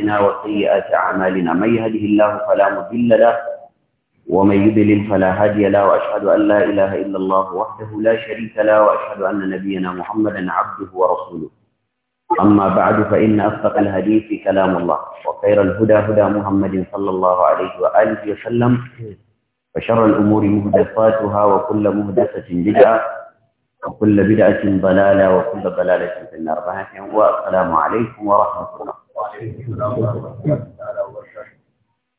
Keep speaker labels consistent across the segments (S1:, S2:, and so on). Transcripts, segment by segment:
S1: أنفسنا وسيئات أعمالنا من يهده الله فلا مضل له ومن يضلل فلا هادي له وأشهد أن لا إله إلا الله وحده لا شريك له وأشهد أن نبينا محمدا عبده ورسوله أما بعد فإن أصدق الحديث كلام الله وخير الهدى هدى محمد صلى الله عليه وآله وسلم وشر الأمور مهدفاتها وكل مهدفة بدعة وكل بدعة ضلالة وكل ضلالة في النار والسلام عليكم ورحمة الله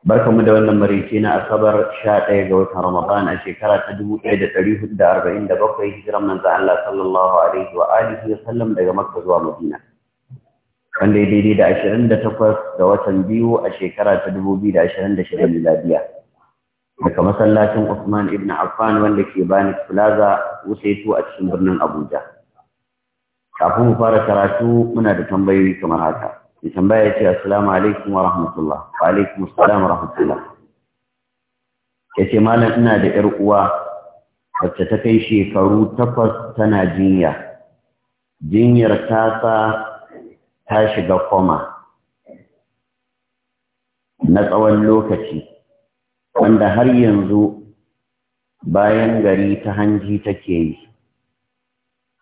S1: Barkanmu da wannan marici na Asabar 11 ga watan Ramadan a shekara ta 1447 hijiran manzo Allah sallallahu alaihi wa alihi wa sallam daga Makka zuwa Madina. Wanda ya daidai da 28 ga watan biyu a shekara ta 2026 miladiya. Daga masallacin Usman ibn Affan wanda ke Bani Plaza Wusaitu a cikin birnin Abuja. Kafin mu fara karatu muna da tambayoyi kamar haka. ya ce assalamu alaikum wa rahmatullah wa alaikum assalam wa rahmatullah ya malam ina da yar uwa wacce ta kai shekaru takwas tana jinya jinyar tasa ta shiga koma na tsawon lokaci wanda har yanzu bayan gari ta hanji take yi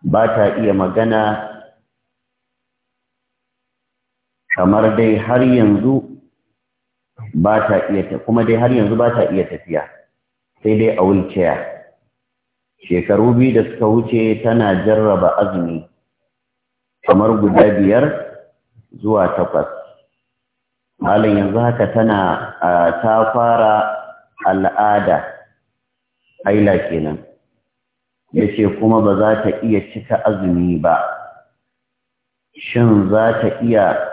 S1: ba ta iya magana kamar dai har yanzu ba ta iya ta kuma dai har yanzu ba ta iya tafiya sai dai a wheelchair shekaru biyu da suka wuce tana jarraba azumi kamar guda biyar zuwa takwas halin yanzu haka tana ta fara al'ada aila kenan ya ce kuma ba za ta iya cika azumi ba shin za ta iya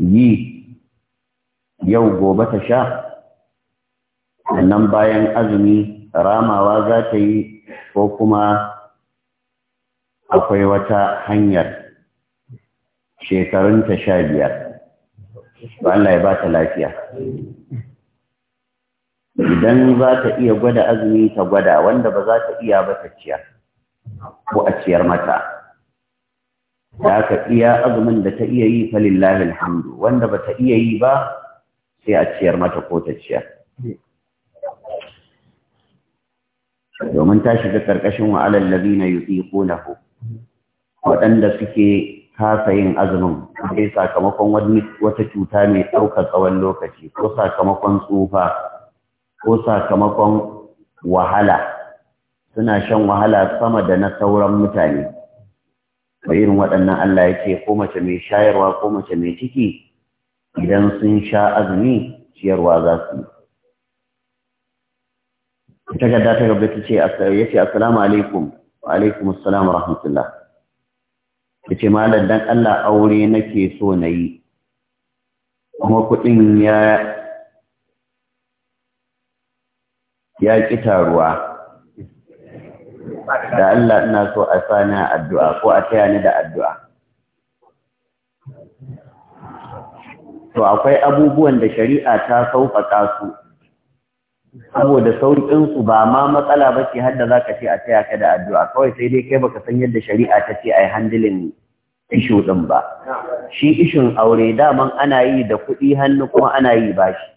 S1: yi yau gobe ta sha sannan bayan azumi ramawa za ta yi ko kuma akwai wata hanyar shekarun ta sha biyar ba Allah ya ba ta lafiya idan za ta iya gwada azumi ta gwada wanda ba za ta iya ba ta ciyar ko a ciyar mata da aka iya azumin da ta iya yi falillahi alhamdu wanda ba ta iya yi ba sai a ciyar mata ko ta ciyar domin ta shiga karkashin wa'alar labina yuki kunahu waɗanda suke kasa yin azumin sai sakamakon wata cuta mai ɗaukar tsawon lokaci ko sakamakon tsufa ko sakamakon wahala suna shan wahala sama da na sauran mutane ba irin waɗannan Allah yake ko mace mai shayarwa ko mace mai ciki idan sun sha azumi ciyarwa za su yi takarda ta gaba ta ce ya ce assalamu alaikum wa alaikum assalam wa rahmatullah ya ce malam dan Allah aure nake so na yi kuma kuɗin ya ya ƙi taruwa da Allah ina so a sani a addu'a ko a taya ni da addu'a to akwai abubuwan da shari'a ta sauƙaƙa su saboda sauƙin ba ma matsala ba ce har za ka ce a taya ka da addu'a kawai sai dai kai baka san yadda shari'a ta ce a yi handilin ishu ɗin ba. Shi ishin aure daman ana yi da kuɗi hannu kuma ana yi ba shi.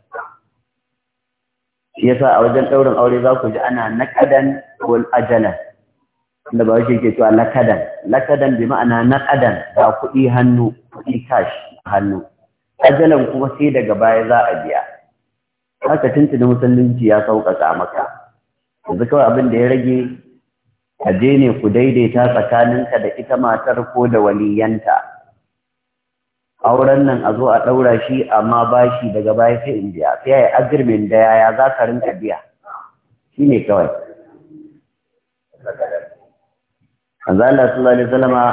S1: Shi yasa a wajen ɗaurin aure za ku ji ana naƙadan wal ajalan. inda ba shi ke cewa lakadan lakadan bi ma'ana kadan ba kuɗi hannu kuɗi cash hannu ajalan kuma sai daga baya za a biya haka tuntuni musulunci ya sauƙaƙa maka yanzu kawai abin da ya rage a je ne ku daidaita tsakaninka da ita matar ko da waliyanta auren nan a zo a ɗaura shi amma bashi daga baya sai in biya sai ya yi azirmin da yaya za ka rinka biya Shi ne kawai Kanzu Allah su zane wasallama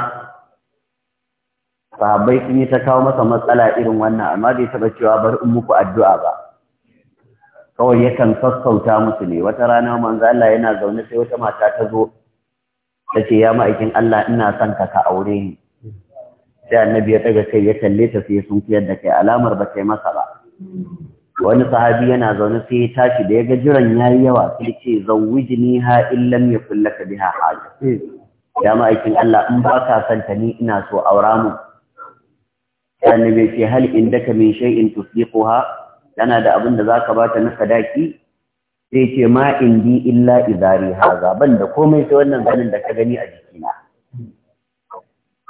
S1: sahabbai sun yi ta kawo masa matsala irin wannan amma bai taba cewa bar in muku addu'a ba kawai yakan sassauta musu ne wata rana manzo Allah yana zaune sai wata mata ta zo ta ce ya ma'aikin Allah ina son ka aure ni sai annabi ya daga kai ya kalle ta sai sun fiyar da kai alamar ba kai masa ba wani sahabi yana zaune sai ya tashi da ya ga jiran yayi yawa sai ce zawwijni ha illam ya laka biha haja ya ma'aikin Allah in ba ka ta ni ina so aura mu bai ce hal indaka min shay'in tusdiquha yana da abin da zaka bata na sadaki sai ce ma indi illa idari haza ban da komai sai wannan ganin da ka gani a jikina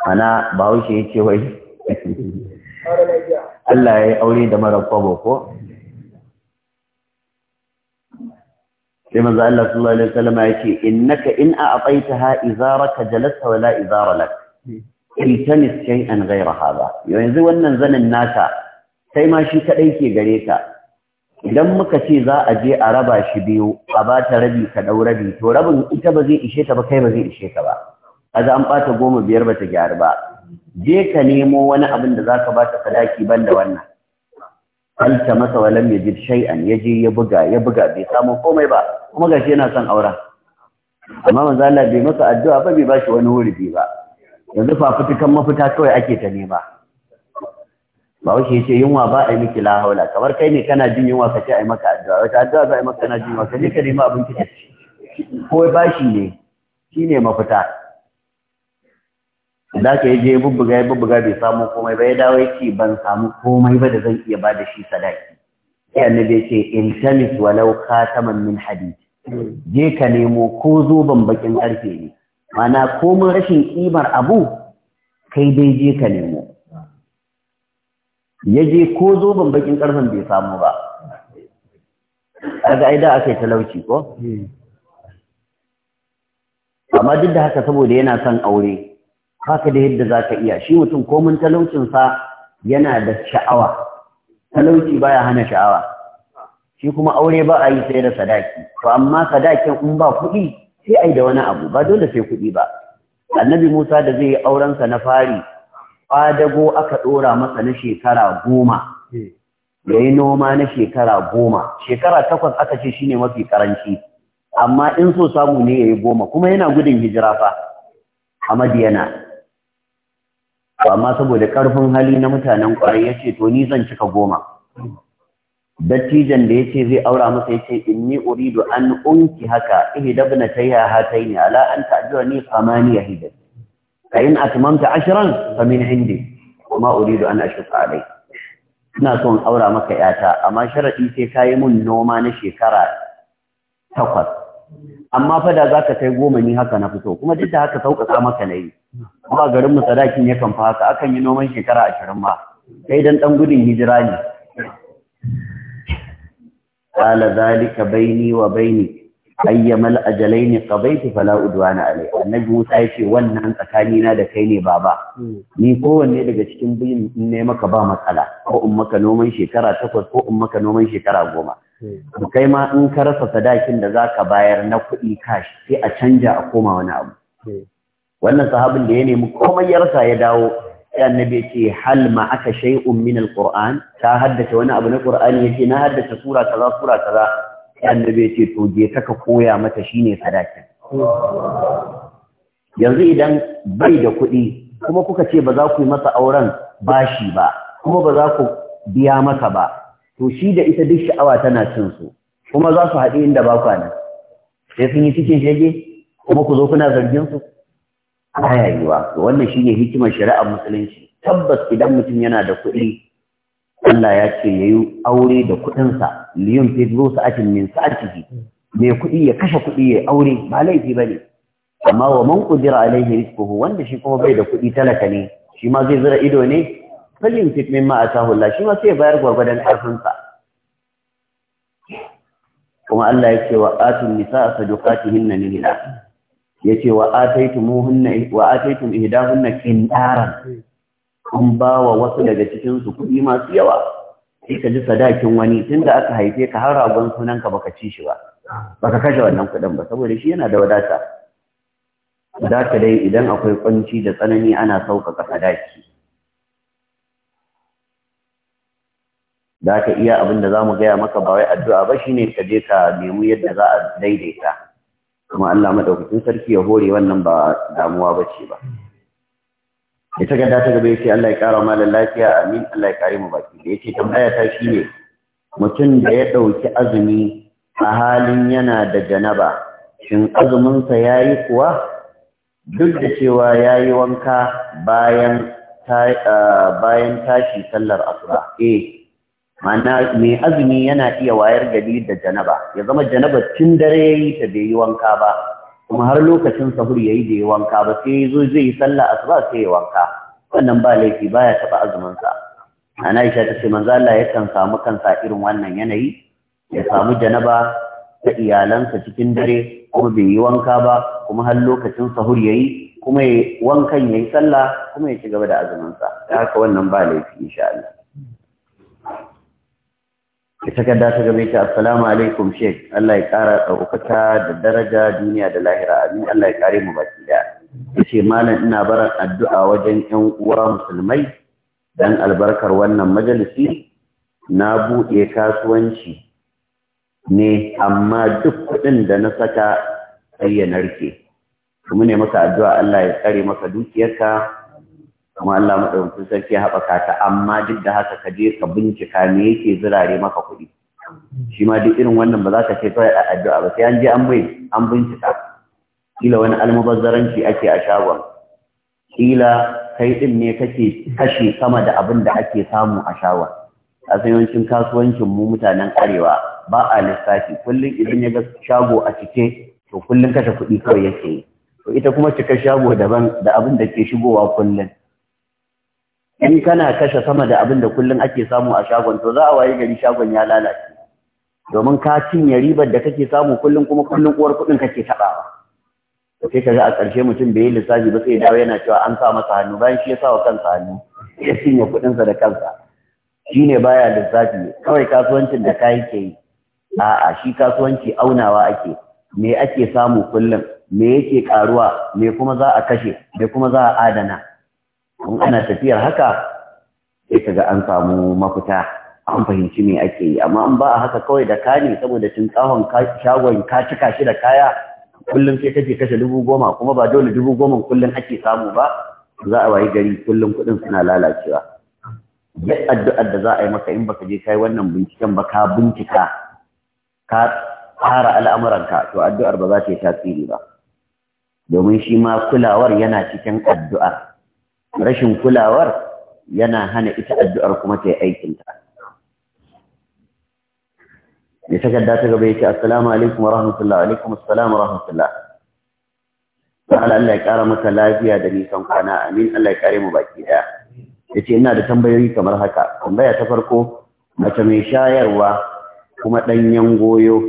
S1: ana bahaushe ya yace wai Allah ya yi aure da mara kwabo ko sai manzo Allah sallallahu alaihi wasallam ya ce innaka in a'taitaha izaraka jalasta wala izara lak iltamis shay'an ghayra hadha yanzu wannan zanin naka sai ma shi kadai ke gare ka idan muka ce za a je a raba shi biyu a ba ta rabi ka dau rabi to rabin ita ba zai ishe ta ba kai ba zai ishe ka ba kaga an bata goma biyar ba ta gyaru ba je ka nemo wani abin da zaka bata sadaki banda wannan falta masa walam ya ji shai'an ya je ya buga ya buga bai samu komai ba kuma gashi yana son aura amma manzo Allah bai masa addu'a ba bai bashi wani wuri ba yanzu fafutukan mafita kawai ake ta nema ba wuce ce yunwa ba a yi miki la kamar kai ne kana jin yunwa ka ce a yi maka addu'a wata addu'a za a yi maka kana jin yunwa ka je ka nemi abinci ko bashi ne shine mafita da ka je bubbuga ya bubbuga bai samu komai ba ya dawo ya ce ban samu komai ba da zan iya ba da shi sadaki sai annabi ya ce tamis walau khataman min hadid je ka nemo ko zoban bakin karfe ne mana komai rashin kimar abu kai dai je ka nemo ya je ko zoban bakin karfen bai samu ba aga ai da aka yi talauci ko hmm. amma duk da haka saboda yana son aure haka da yadda za ka iya shi mutum komin talaucinsa yana da sha'awa talauci baya hana sha'awa shi kuma aure ba a yi sai da sadaki to amma sadakin in ba kuɗi sai ai da wani abu ba dole sai kuɗi ba annabi musa da zai yi aurensa na fari ƙwadago aka ɗora masa na shekara goma ya yi noma na shekara goma shekara takwas aka ce shine mafi karanci amma in so samu ne ya yi goma kuma yana gudun hijira fa a madiyana amma saboda ƙarfin hali na mutanen kwarai ya ce to ni zan cika goma dattijan da ya ce zai aura masa ya ce inni uridu an unki haka ihi dabna tayya ne, ala an ta'jura ni samaniya hijaj fa in atmamta ashran fa min indi kuma uridu an ashuka alai ina son aura maka yata amma sharaɗi sai kayi mun noma na shekara takwas amma fa da zaka kai goma ni haka na fito kuma duk da haka sauƙaƙa maka nayi kuma garin mu sadakin yakan haka akan yi noman shekara ashirin ma Kai dan dan gudun hijira ne qala zalika baini wa baini ayyamal ajalaini qadaytu fala udwana alai annabi Musa yace wannan tsakani na da kai ne baba ni kowanne daga cikin biyun ne maka ba matsala ko in maka noman shekara takwas ko in maka noman shekara goma kai ma in ka rasa sadakin da zaka bayar na kuɗi cash sai a canja a koma wani abu wannan sahabin da ya nemi komai ya rasa ya dawo sai annabi ya ce hal ma aka shay'un min alquran ta haddace wani abu na qur'ani yace na haddace sura kaza sura kaza sai annabi ya ce to je ka koya mata shine sadakin yanzu idan bai da kuɗi kuma kuka ce ba za ku yi masa auren bashi ba kuma ba za ku biya masa ba to shi da ita duk sha'awa tana cin su kuma za su haɗe inda ba nan sai sun yi cikin shege kuma ku zo kuna zargin su baya yiwa to wannan shine hikimar shari'ar musulunci tabbas idan mutum yana da kuɗi Allah ya ce yayi aure da kuɗinsa liyun fi zu sa'atin min sa'atihi Me kuɗi ya kashe kuɗi ya aure ba laifi bane amma wa man qudira alaihi rizquhu wanda shi kuma bai da kuɗi talaka ne shi ma zai zira ido ne falin fit min ma atahu Allah shi ma sai bayar gwargwadon sa kuma Allah ya ce wa atun nisa sadaqatihinna lillah Ya wa ataytumuhunna wa ataytum ihdahunna kun ba wa wasu daga cikin su kuɗi masu yawa sai ka ji sadakin wani tunda aka haife ka har ragon sunan ka baka ci shi ba baka kashe wannan kuɗin ba saboda shi yana da wadata wadata dai idan akwai kunci da tsanani ana sauƙaƙa sadaki da ka iya abin da za mu gaya maka ba wai addu'a ba shine ka je ka nemi yadda za a daidaita kuma Allah madaukakin sarki ya hore wannan ba damuwa bace ba Ita ta ta gaba ya ce Allah ya kara malar lafiya amin Allah ya kare mu baki da ya ce tambaya ta shi ne mutum da ya ɗauki azumi a halin yana da janaba shin azuminsa ya yi kuwa duk da cewa ya yi wanka bayan tashi sallar asuba eh ma'ana mai azumi yana iya wayar gari da janaba ya zama janaba tun dare ya yi ta bai yi wanka ba kuma har lokacin sahur ya yi da yi wanka ba sai yazo zai yi sallah asuba sai ya wanka wannan ba laifi ba baya taɓa azuminsa ana aisha ta ce manzo Allah yakan samu kansa irin wannan yanayi ya samu janaba ta iyalansa cikin dare kuma bai yi wanka ba kuma har lokacin sahur yayi kuma wankan yayi sallah kuma ya ci gaba da azumin sa haka wannan ba laifi insha Allah takarda ta ga ta assalamu alaikum sheik Allah ya kara ɗaukaka da daraja duniya da lahira amin Allah ya kare mu baki da yace malam ina baran addu'a wajen ƴan uwa musulmai dan albarkar wannan majalisi na buɗe kasuwanci ne amma duk kuɗin da na saka sai ya narke kuma ne maka addu'a Allah ya tsare maka dukiyarka kuma Allah madaukakin sarki ya haɓaka ta amma duk da haka ka je ka bincika me yake zirare maka kuɗi shi ma duk irin wannan ba za ka ce kawai a addu'a ba sai an je an bai an bincika kila wani almubazzaranci ake a shagon kila kai din ne kake kashe sama da abin da ake samu a shagon a yawancin kasuwancin mu mutanen arewa ba a lissafi kullum idan ya ga shago a cike to kullum kashe kuɗi kawai yake yi to ita kuma cika shago daban da abin da ke shigowa kullum in kana kashe sama da abin da kullum ake samu a shagon to za a waye gari shagon ya lalace domin ka cinye ribar da kake samu kullum kuma kullum uwar kuɗin kake taɓawa sai ka ga a ƙarshe mutum bai yi lissafi ba sai dawo yana cewa an sa masa hannu bayan shi ya sa wa kansa hannu ya cinye kuɗinsa da kansa ne baya lissafi kawai kasuwancin da yi ke yi a'a shi kasuwanci aunawa ake me ake samu kullum me yake karuwa me kuma za a kashe me kuma za a adana kun ana tafiyar haka sai ka ga an samu mafita an fahimci me ake yi amma an ba a haka kawai da ka ne saboda tinkahon shagon ka cika shi da kaya kullum sai kake kashe dubu goma kuma ba dole dubu goma kullum ake samu ba za a wayi gari kullum kuɗin suna lalacewa duk addu'ar da za a yi maka in baka je kai wannan binciken ba ka bincika ka tsara al'amuranka to addu'ar ba za ta yi tasiri ba domin shi ma kulawar yana cikin addu'ar rashin kulawar yana hana ita addu'ar kuma ta yi aikinta ya takarda ta gaba yake assalamu alaikum wa rahmatullah alaikum assalamu wa rahmatullah ta'ala Allah ya kara maka lafiya da nisan kwana amin Allah ya kare mu baki daya ce ina da tambayoyi kamar haka tambaya ta farko mace mai shayarwa kuma ɗanyen goyo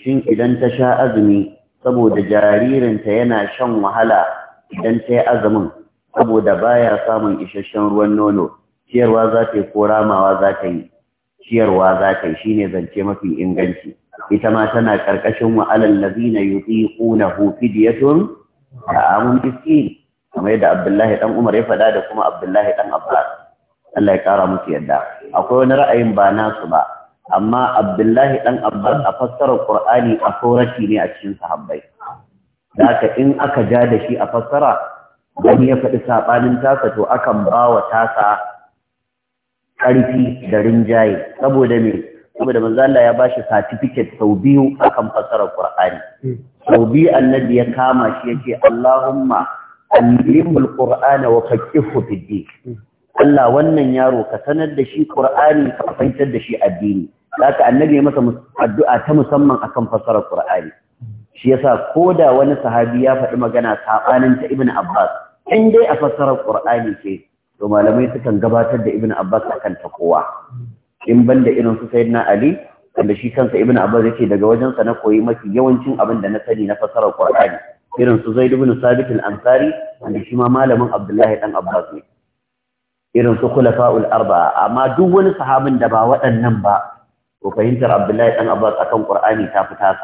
S1: shin idan ta sha azumi saboda jaririnta yana shan wahala idan ta yi azumin saboda baya samun isasshen ruwan nono ciyarwa za ta yi ko ramawa za ta yi ciyarwa za ta yi shine zance mafi inganci ita ma tana karkashin wa alal ladina yutiqunahu fidyatun ta'amun miskin kamar yadda Abdullahi dan Umar ya faɗa da kuma Abdullahi dan Abbas Allah ya kara musu yadda akwai wani ra'ayin ba nasu ba amma Abdullahi dan Abbas a fassarar Qur'ani a sauraki ne a cikin sahabbai da haka in aka ja da shi a fassara wani ya faɗi saɓanin tasa to akan ba wa tasa ƙarfi da rinjaye saboda me saboda manzo Allah ya bashi certificate sau biyu akan fasarar Qur'ani sau biyu annabi ya kama shi yace Allahumma allimul Qur'ana wa faqihhu fid Allah wannan yaro ka sanar da shi Qur'ani ka fahimtar da shi addini haka annabi ya masa addu'a ta musamman akan fasarar Qur'ani shi yasa koda wani sahabi ya faɗi magana saɓanin ta Ibn Abbas in dai a fassarar Qur'ani ce to malamai sukan gabatar da Ibn Abbas a kan kowa in banda irin su Sayyidina Ali wanda shi kansa Ibn Abbas yake daga wajensa sa na koyi mafi yawancin abin da na sani na fassarar Qur'ani irin su Zaid ibn Sabit al-Ansari wanda shi ma malamin Abdullahi dan Abbas ne irin su Khulafa'ul Arba'a amma duk wani sahabin da ba waɗannan ba ko fahimtar Abdullahi dan Abbas akan kur'ani ta fita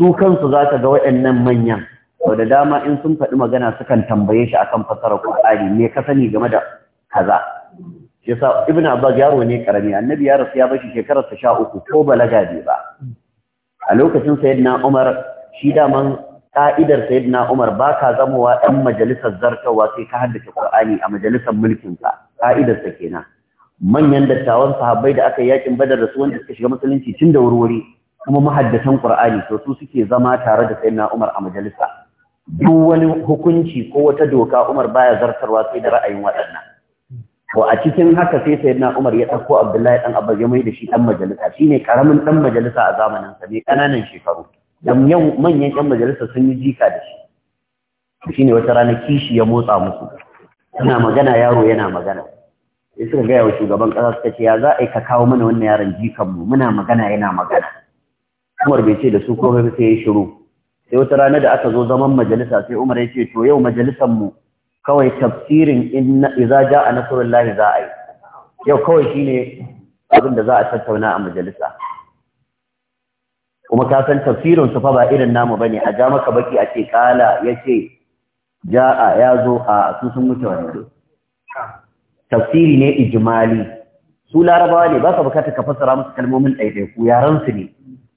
S1: su kansu ka ga waɗannan manyan sau da dama in sun faɗi magana sukan tambaye shi akan fassarar Qur'ani me ka sani game da kaza yasa Ibn Abbas yaro ne karami annabi ya rasu ya bashi shekarar ta 13 ko balaga bai ba a lokacin sayyidina Umar shi daman ka'idar sayyidina Umar ba ka zamowa dan majalisar zartawa sai ka haddace Qur'ani a majalisar mulkin ka ka'idar sa kenan manyan dattawan sahabbai da aka yakin badar da su wanda suka shiga musulunci tun da wurwuri kuma mahaddasan Qur'ani to su suke zama tare da sayyidina Umar a majalisa duk wani hukunci ko wata doka Umar baya zartarwa sai da ra'ayin waɗannan to a cikin haka sai sayyidina Umar ya dauko Abdullahi dan Abba ya mai da shi dan majalisa shine karamin dan majalisa a zamanin sa ne kananan shekaru dan yau manyan yan majalisa sun yi jika da shi shine wata rana kishi ya motsa musu suna magana yaro yana magana sai suka gaya wa shugaban kasa suka ce ya za a yi ka kawo mana wannan yaron jikan mu muna magana yana magana Umar bai ce da su komai sai ya shiru sai wata rana da aka zo zaman majalisa sai Umar ya ce to yau majalisan mu kawai tafsirin inna idza jaa nasrullahi za a yi yau kawai shine abin da za a tattauna a majalisa kuma ka san tafsirin su fa ba irin namu bane a ja maka baki a ce kala yace jaa ya zo a su sun mutu wani tafsiri ne ijmali su larabawa ne ba ka bukata ka fassara musu kalmomin ɗaiɗaiku yaran su ne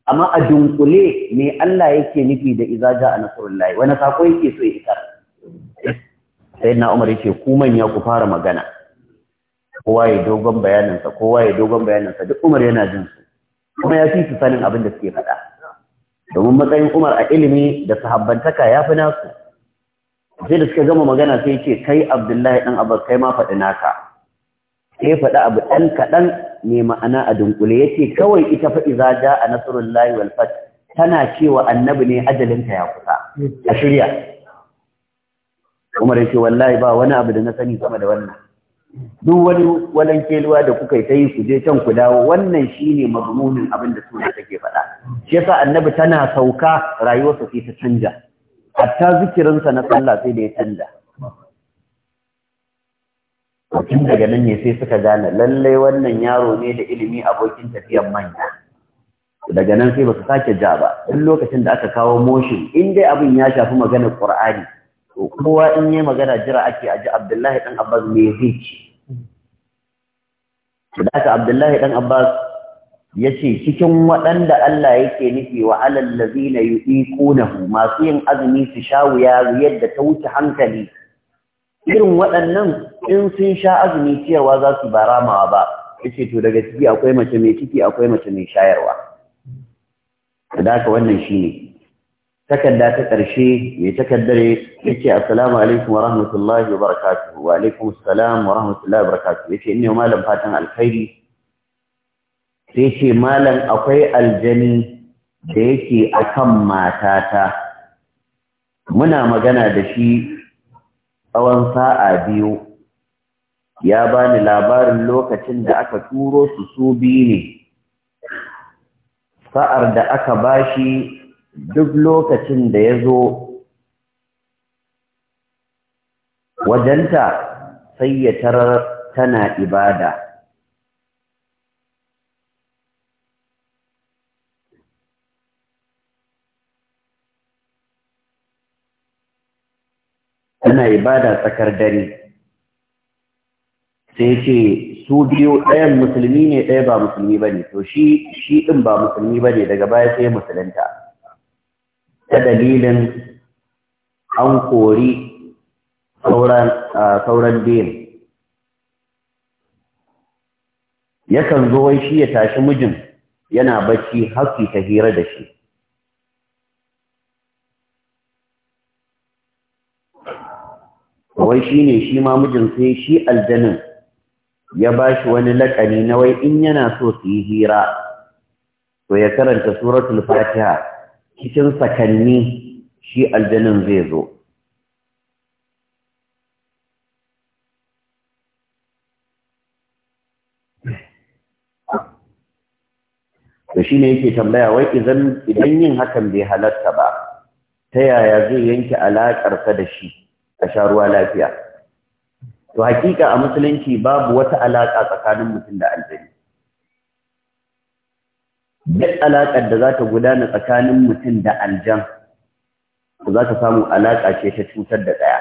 S1: amma a dunkule me Allah yake nufi da iza ja'a nasrullahi wani sako yake so ya isar sai na Umar yake kuma ya ku fara magana kowa ya dogon bayanin kowa ya dogon duk Umar yana jin su kuma ya fi su sanin abin da suke faɗa domin matsayin Umar a ilimi da sahabbantaka ya fi nasu sai da suka gama magana sai ce kai Abdullahi dan Abbas kai ma faɗi naka sai ya faɗi abu ɗan kaɗan mai ma'ana a dunkule ya ce kawai ita faɗi za ja a nasarar layi walfat tana cewa annabi ne ajalinta ya kusa a shirya umar ce wallahi ba wani abu da na sani sama da wannan duk wani walan keluwa da kuka yi ta yi kuje can ku dawo wannan shine mazmunin abin da suna take faɗa shi yasa annabi tana sauka rayuwarsa sai ta canja hatta zikirinsa na sallah sai da ya canja tun daga nan ne sai suka gane lallai wannan yaro ne da ilimi abokin tafiyar manya daga nan sai ba su sake ja ba duk lokacin da aka kawo moshin, in dai abin ya shafi maganar qur'ani to kowa in yi magana jira ake aji abdullahi dan abbas ne zai ci da aka abdullahi dan abbas ya ce cikin waɗanda Allah yake nufi wa alal lazina yuqiqunahu masu yin azumi su sha wuyari yadda ta wuce hankali irin waɗannan in sun sha azumi ciyarwa za su ba ramawa ba yace to daga ciki akwai mace mai ciki akwai mace mai shayarwa da haka wannan shine takarda ta ƙarshe mai takaddare yace assalamu alaikum wa rahmatullahi wa barakatu. wa alaikum assalam wa rahmatullahi wa barakatuh yace inne malam fatan alkhairi sai ce malam akwai aljani da yake akan matata muna magana da shi tsawon sa'a biyu ya bani labarin lokacin da aka turo su su biyu ne sa'ar da aka ba shi duk lokacin da ya zo wajenta sai ya tarar tana ibada Yana ibada tsakar dare sai ce su biyu ɗayan musulmi ne ɗaya ba musulmi ba ne to shi shi ɗin ba musulmi ba ne daga baya sai musulunta ta dalilin an kori sauran biyan yakan zo wai shi ya tashi mijin yana bacci haƙƙi ta hira da shi wai shi ne shi ma mijin sai shi aljanin ya ba shi wani laƙani na wai in yana so su yi hira to ya karanta suratul fatiha cikin sakanni shi aljanin zai zo to shi ne yake tambaya wai idan yin hakan bai halatta ba ta yaya zai yanke alaƙarsa da shi a sha ruwa lafiya to hakika a musulunci babu wata alaƙa tsakanin mutum da aljani duk alakar da za ta gudana tsakanin mutum da aljan za ta samu alaka ce ta cutar da ɗaya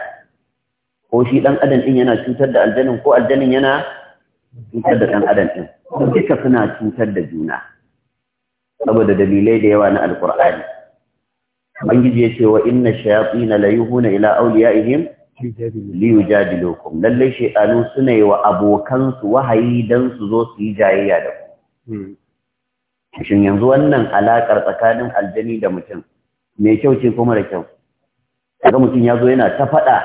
S1: ko shi ɗan adam ɗin yana cutar da aljanin ko aljanin yana cutar da ɗan adam ɗin duka suna cutar da juna saboda dalilai da yawa na alkur'ani bangiji ya ce wa inna shayatina la yuhuna ila awliyaihim li yujadilukum lalle shaytanu suna yi wa abokan su wahayi dan su zo su yi jayayya da ku shin yanzu wannan alakar tsakanin aljani da mutum me kyau ce kuma da kyau kaga mutum ya zo yana ta faɗa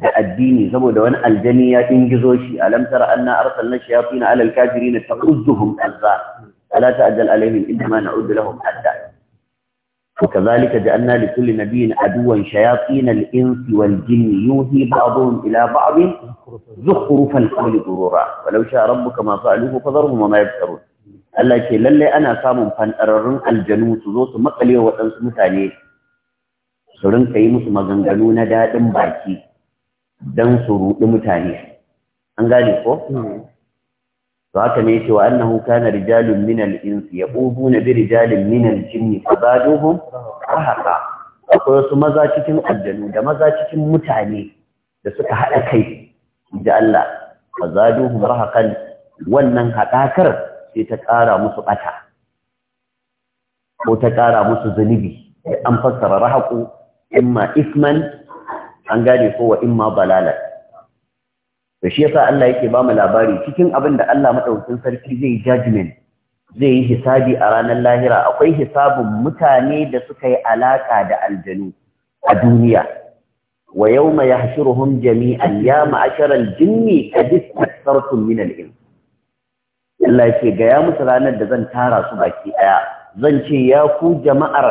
S1: da addini saboda wani aljani ya ingizo shi alam tara anna arsalna shayatina ala alkafirin ta'udduhum azza ala ta'jal alaihim inna ma na'uddu lahum adda وكذلك جعلنا لكل نبي عدوا شياطين الانس والجن يوحي بعضهم الى بعض زخرف القول غرورا ولو شاء ربك ما فعلوه فذرهم وما يفترون Allah ke lalle ana samun fantararrun aljanu su zo su maƙale wa waɗansu mutane su rinka yi musu maganganu na daɗin baki don su ruɗi mutane an gane to haka ne yace wa annahu kana rijalun min al-insi yaquduna bi rijalin min al-jinni fazaduhum rahaqa akwai wasu maza cikin aljanu da maza cikin mutane da suka hada kai da Allah fazaduhum rahaqan wannan hadakar sai ta kara musu bata ko ta kara musu zunubi an fassara rahaqu imma isman an gane ko wa imma balala da shi yasa Allah yake ba mu labari cikin abin da Allah madaukakin sarki zai judgment zai yi hisabi a ranar lahira akwai hisabin mutane da suka yi alaka da aljanu a duniya wa yawma yahshuruhum jami'an ya ma'ashara al-jinni qad istaktartum min al-ins Allah yake ga ya musu ranar da zan tara su baki daya zan ce ya ku jama'ar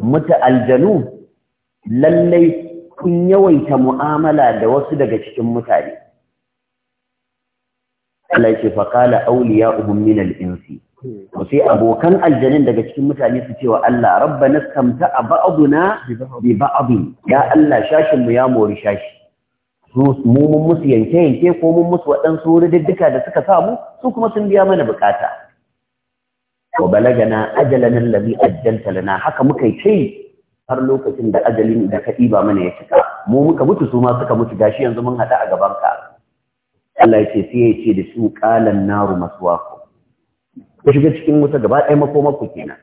S1: muta aljanu lallai kun yawaita mu'amala da wasu daga cikin mutane Allah ya ce fa qala awliya'uhum min al-insi sai abokan aljanin daga cikin mutane su cewa Allah rabbana stamta ba'duna bi ba'din ya Allah shashin mu ya mori shashi mu mun musu yanke yanke ko mun musu waɗansu rududdika da suka samu su kuma sun biya mana bukata na, balagana ajalana allazi ajjalta lana haka muka yi har lokacin da ajalin da ka ɗiba mana ya cika mu muka mutu su ma suka mutu gashi yanzu mun haɗa a gaban ka Allah ya ce sai ya ce da su kalan naru maswaku shiga cikin wuta gaba ɗaya ku kenan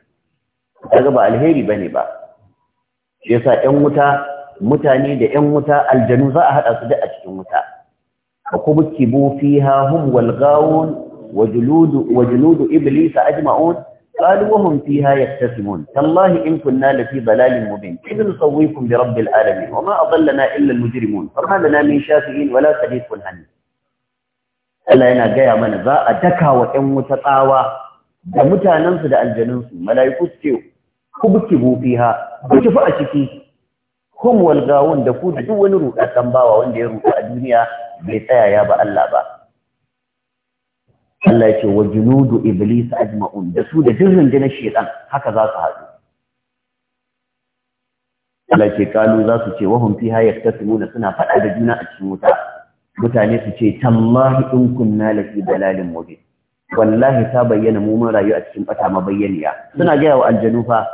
S1: kaga ba alheri bane ba shi yasa ƴan wuta mutane da ƴan wuta aljanu za a haɗa su da a cikin wuta akwai buki bu fi ha hum wal gawun wa juludu iblis ajma'un qalu wa hum fiha yaktasimun tallahi in kunna la fi dalalin mubin idin sawwikum bi rabbil alamin wa ma adallana illa al mujrimun fama lana min shafiin wala sadiqun hanin Allah yana gaya mana za a daka wa ‘yan wuta tsawa da mutanensu da aljanunsu, mala'iku su ce, ku buki bufi ha, ku fi a ciki, kun walgawun da ku da duk wani ruɗaɗɗen bawa wanda ya ruɗa a duniya bai tsaya ya ba Allah ba. Allah ya ce wa junudu iblis ajma'un da su da duk rundunar shedan haka za su haɗu. Allah ya ce kalu za su ce wahum fiha yaktasimuna suna faɗa da juna a cikin wuta. mutane su ce tallahi in kunna lafi dalalin mubin wallahi ta bayyana mu mun rayu a cikin bata bayyaniya suna gaya wa aljanu fa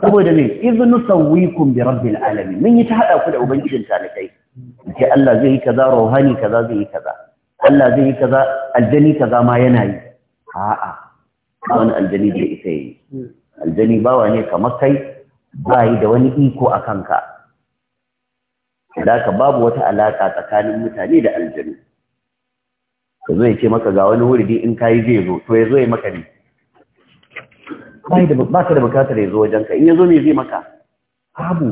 S1: saboda me idnu sawwikum bi rabbil alamin mun yi ta hada ku da ubangijin talakai ce Allah zai yi kaza ruhani kaza zai yi kaza Allah zai yi kaza aljani kaza ma yana yi a'a wani aljani bai isa yi aljani bawa ne kamar kai ba yi da wani iko a kanka da ka babu wata alaka tsakanin mutane da aljanu ka zo ya ce maka ga wani wuri in kayi zai zo to ya zo ya maka ne ba ka da bukatar ya zo wajenka in ya zo ne zai maka babu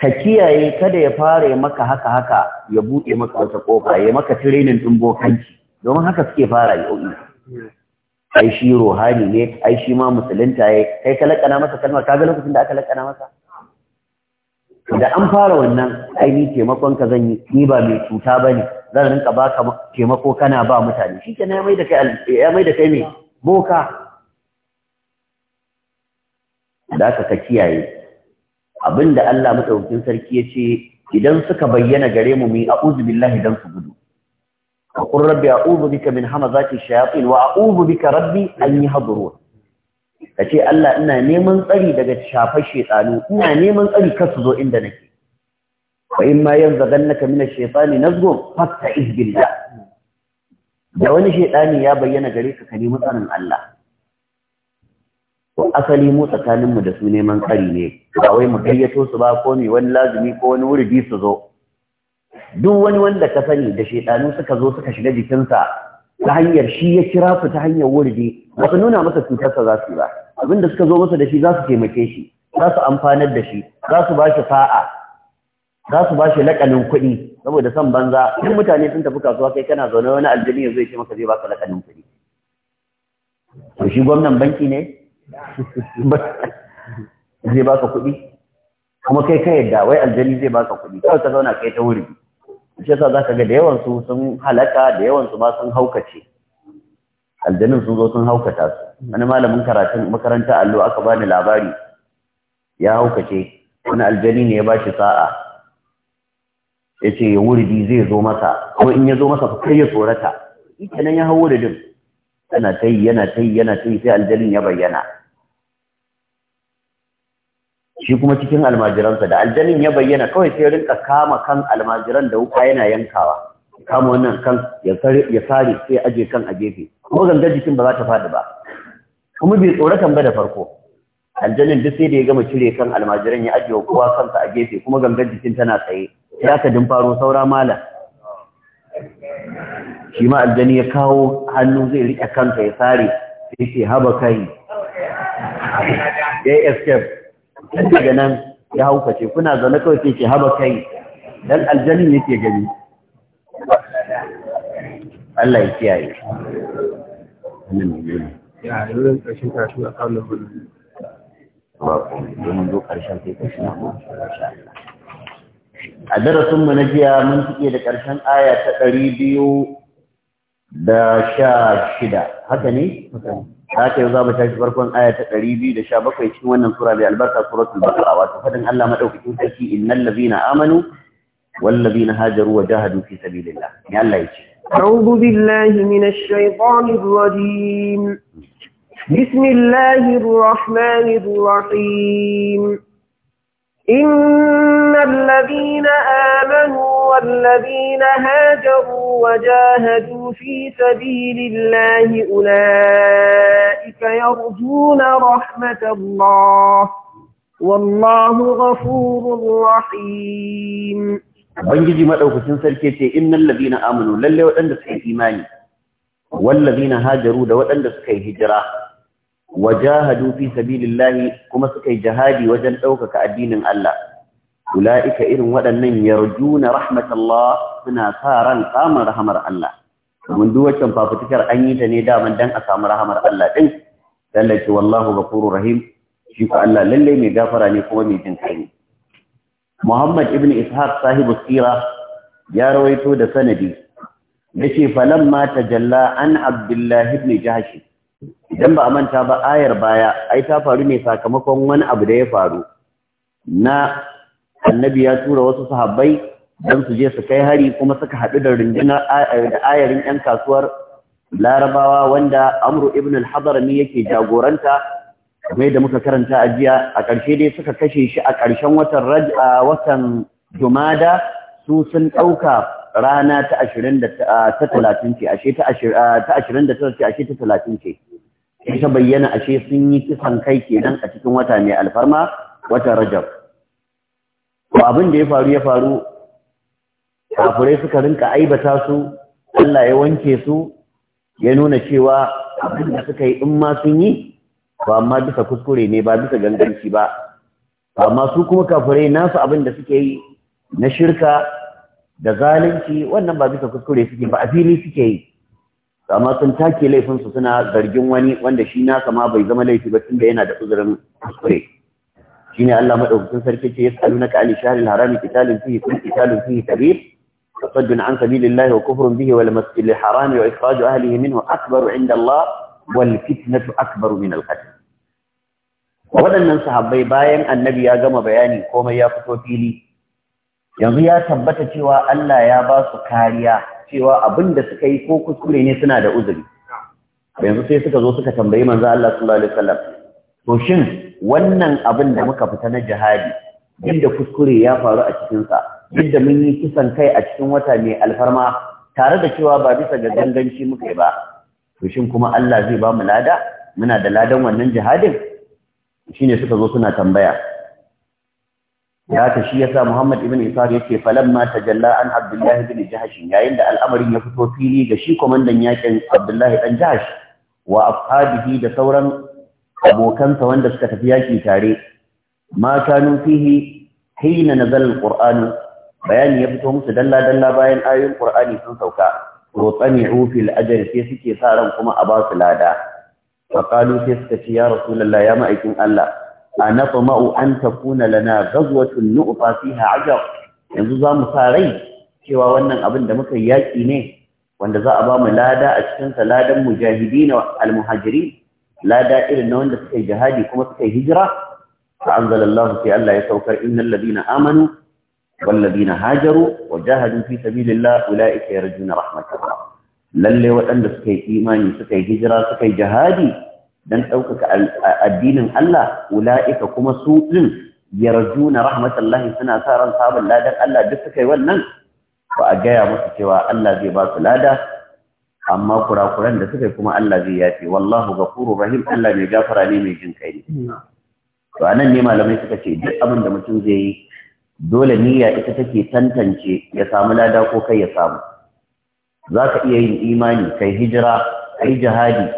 S1: ka kiyaye kada ya fara ya maka haka haka ya buɗe maka wata kofa ya maka training ɗin bokanci domin haka suke fara yi ai shi rohani ne ai shi ma musulunta ya kai ka lakana masa kalmar ga lokacin da aka lakana masa da an fara wannan ainihin taimakon ka zan yi ni ba mai cuta ba ne zan rinka ka taimako kana ba mutane shi ke ya mai da kai ya mai da kai ne boka da aka ka kiyaye abinda Allah matsaukin sarki ya ce idan suka bayyana gare mu mu a'udhu billahi dan su gudu wa qur rabbi a'udhu bika min hamazati shayatin wa a'udhu bika rabbi an yahdurun ka ce Allah ina neman tsari daga shafar shaytanu ina neman tsari kar su zo inda nake wa in ma yanzaghannaka mina ash na nazghun fasta'iz billah da wani shaytani ya bayyana gare ka ka nemi tsarin Allah to asali mu tsakaninmu da su neman tsari ne ba wai mu gayyato su ba ko ne wani lazumi ko wani wuridi su zo duk wani wanda ka sani da shaytanu suka zo suka shiga jikinsa ta hanyar shi ya kira su ta hanyar wurdi ba su nuna masa cutarsa za su yi ba abin da suka zo masa da shi za su taimake shi za su amfanar da shi za su ba shi fa'a za su ba shi lakanin kuɗi saboda son banza duk mutane sun tafi kasuwa kai kana zaune wani aljini ya ya ce maka zai baka lakanin kuɗi to shi gwamnan banki ne zai baka kuɗi kuma kai ka yadda wai aljani zai baka kuɗi kawai ka zauna kai ta wurdi shi yasa zaka ga da yawan su sun halaka da yawan su ma sun haukace aljanin sun zo sun haukata su wani malamin karatun makaranta allo aka bani labari ya haukace wani aljani ne ya bashi sa'a ya ce ya wuridi zai zo masa ko in ya zo masa fa kai ya tsorata ita nan ya hau wuridin yana ta yi yana ta yi yana ta yi sai aljanin ya bayyana shi kuma cikin almajiransa da aljanin ya bayyana kawai sai rinka kama kan almajiran da wuka yana yankawa kama wannan kan ya sare sai aje kan a gefe kuma gangar jikin ba za ta faɗi ba kuma bai tsoratan ba da farko aljanin duk sai da ya gama cire kan almajiran ya ajiye kowa kansa a gefe kuma gangar jikin tana tsaye ya ka faro saura malam shi ma aljani ya kawo hannu zai riƙe kanka ya sare sai ce haba kai ya escape dan daga nan ya haukace kuna zaune kawai sai ke haba kai dan aljanin yake gani Allah ya kiyaye ne ya karshen a kallon bulun zo sai darasinmu na jiya mun cike da ƙarshen aya ta ɗari biyu da sha shida haka ne? haka yau za mu tashi farkon aya ta ɗari biyu da sha bakwai cikin wannan sura mai albarka suratul baqara wato fadin Allah madaukakin sarki innal ladina amanu wal ladina hajaru wa jahadu fi sabilillah ya Allah yace
S2: a'udhu billahi minash shaitanir rajim bismillahir rahmanir rahim innal ladina amanu والذين هاجروا وجاهدوا في سبيل الله أولئك يرجون رحمة الله والله غفور رحيم Ubangiji
S1: madaukakin sarki ce innal ladina amanu lalle waɗanda suka yi imani wallazina hajaru da waɗanda suka yi hijira wajahadu fi sabilillahi kuma suka yi jihadi wajen ɗaukaka addinin Allah ula'ika irin waɗannan yarjuna rahmatullah suna sa ran samun rahamar Allah domin duk fafutukar an yi ta ne daman dan a samu rahamar Allah din lalle wallahu ghafurur rahim shi ko Allah lalle mai gafara ne kuma mai jin kai ne Muhammad ibn Ishaq sahibu sira ya rawaito da sanadi yace ta tajalla an Abdullah ibn Jahsh idan ba a manta ba ayar baya ai ta faru ne sakamakon wani abu da ya faru na annabi ya tura wasu sahabbai don su je su kai hari kuma suka haɗu da rundunar da ayarin 'yan kasuwar larabawa wanda amru ibn al ne yake jagoranta kamar da muka karanta a jiya a ƙarshe dai suka kashe shi a ƙarshen watan raj'a watan jumada su sun ɗauka rana ta ashirin da ta talatin ce ashe ta ashirin da ce ashe ta talatin ce ta bayyana ashe sun yi kisan kai kenan a cikin wata mai alfarma watan rajab ko abin da ya faru ya faru kafirai suka rinka aibata su Allah ya wanke su ya nuna cewa abin da suka yi in ma sun yi ba amma bisa kuskure ne ba bisa ganganci ba amma su kuma kafirai nasu abin da suke yi na shirka da zalunci wannan ba bisa kuskure suke ba a fili suke yi amma sun take laifin su suna zargin wani wanda shi nasa ma bai zama laifi ba tunda yana da uzurin kuskure shine Allah madaukakin sarki ce yasalunaka ali shahril harami qitalun fihi kun qitalun fihi kabir صد عن سبيل الله وكفر به والمسجد الحرام وإخراج أهله منه أكبر عند الله والفتنة أكبر من القتل waɗannan sahabbai bayan annabi ya gama bayani komai ya fito fili yanzu ya tabbata cewa Allah ya ba su kariya cewa abinda da suka yi ko kuskure ne suna da uzuri yanzu sai suka zo suka tambayi manzo Allah sallallahu alaihi wasallam to shin wannan abin da muka fita na jihadi inda kuskure ya faru a cikinsa inda mun yi kisan kai a cikin wata mai alfarma tare da cewa ba bisa ga ganganci muka yi ba to shin kuma Allah zai ba mu lada muna da ladan wannan jihadin shine suka zo suna tambaya ya ta shi yasa Muhammad ibn Isa yace falamma tajalla an Abdullah ibn Jahash yayin da al'amarin ya fito fili ga shi komandan yakin Abdullah dan Jahash wa ashabihi da sauran abokansa wanda suka tafi yaki tare ma kanu fihi hina nazal alquran bayani ya fito musu dalla dalla bayan ayoyin qur'ani sun sauka rutani'u fil ajr sai suke sa ran kuma a ba su lada fa qalu sai suka ce ya rasulullahi ya ma'aikin Allah anatma'u an takuna lana ghazwatun nu'fa fiha ajr yanzu za mu sa rai cewa wannan abin da muka yaki ne wanda za a ba mu lada a cikin sa ladan mujahidin al muhajirin lada irin na wanda suka yi jihadi kuma suka yi hijira fa anzalallahu sai Allah ya saukar inna ladina amanu wal hajaru wa jahadu fi sabilillah ulaika yarjuna rahmatallah lalle waɗanda suka yi imani suka yi hijira suka yi jihadi dan ɗaukaka addinin Allah ulaika kuma su din yarjuna rahmatallahi suna sa ran sabon ladan Allah duk suka yi wannan ba a gaya musu cewa Allah zai ba su lada amma kurakuran da suka yi kuma Allah zai yafe wallahu ghafurur rahim Allah mai gafara ne mai jin kai to anan ne malamai suka ce duk abin da mutum zai yi dole niyya ita take tantance ya samu lada ko kai ya samu za ka iya yin imani kai hijira kai jihadi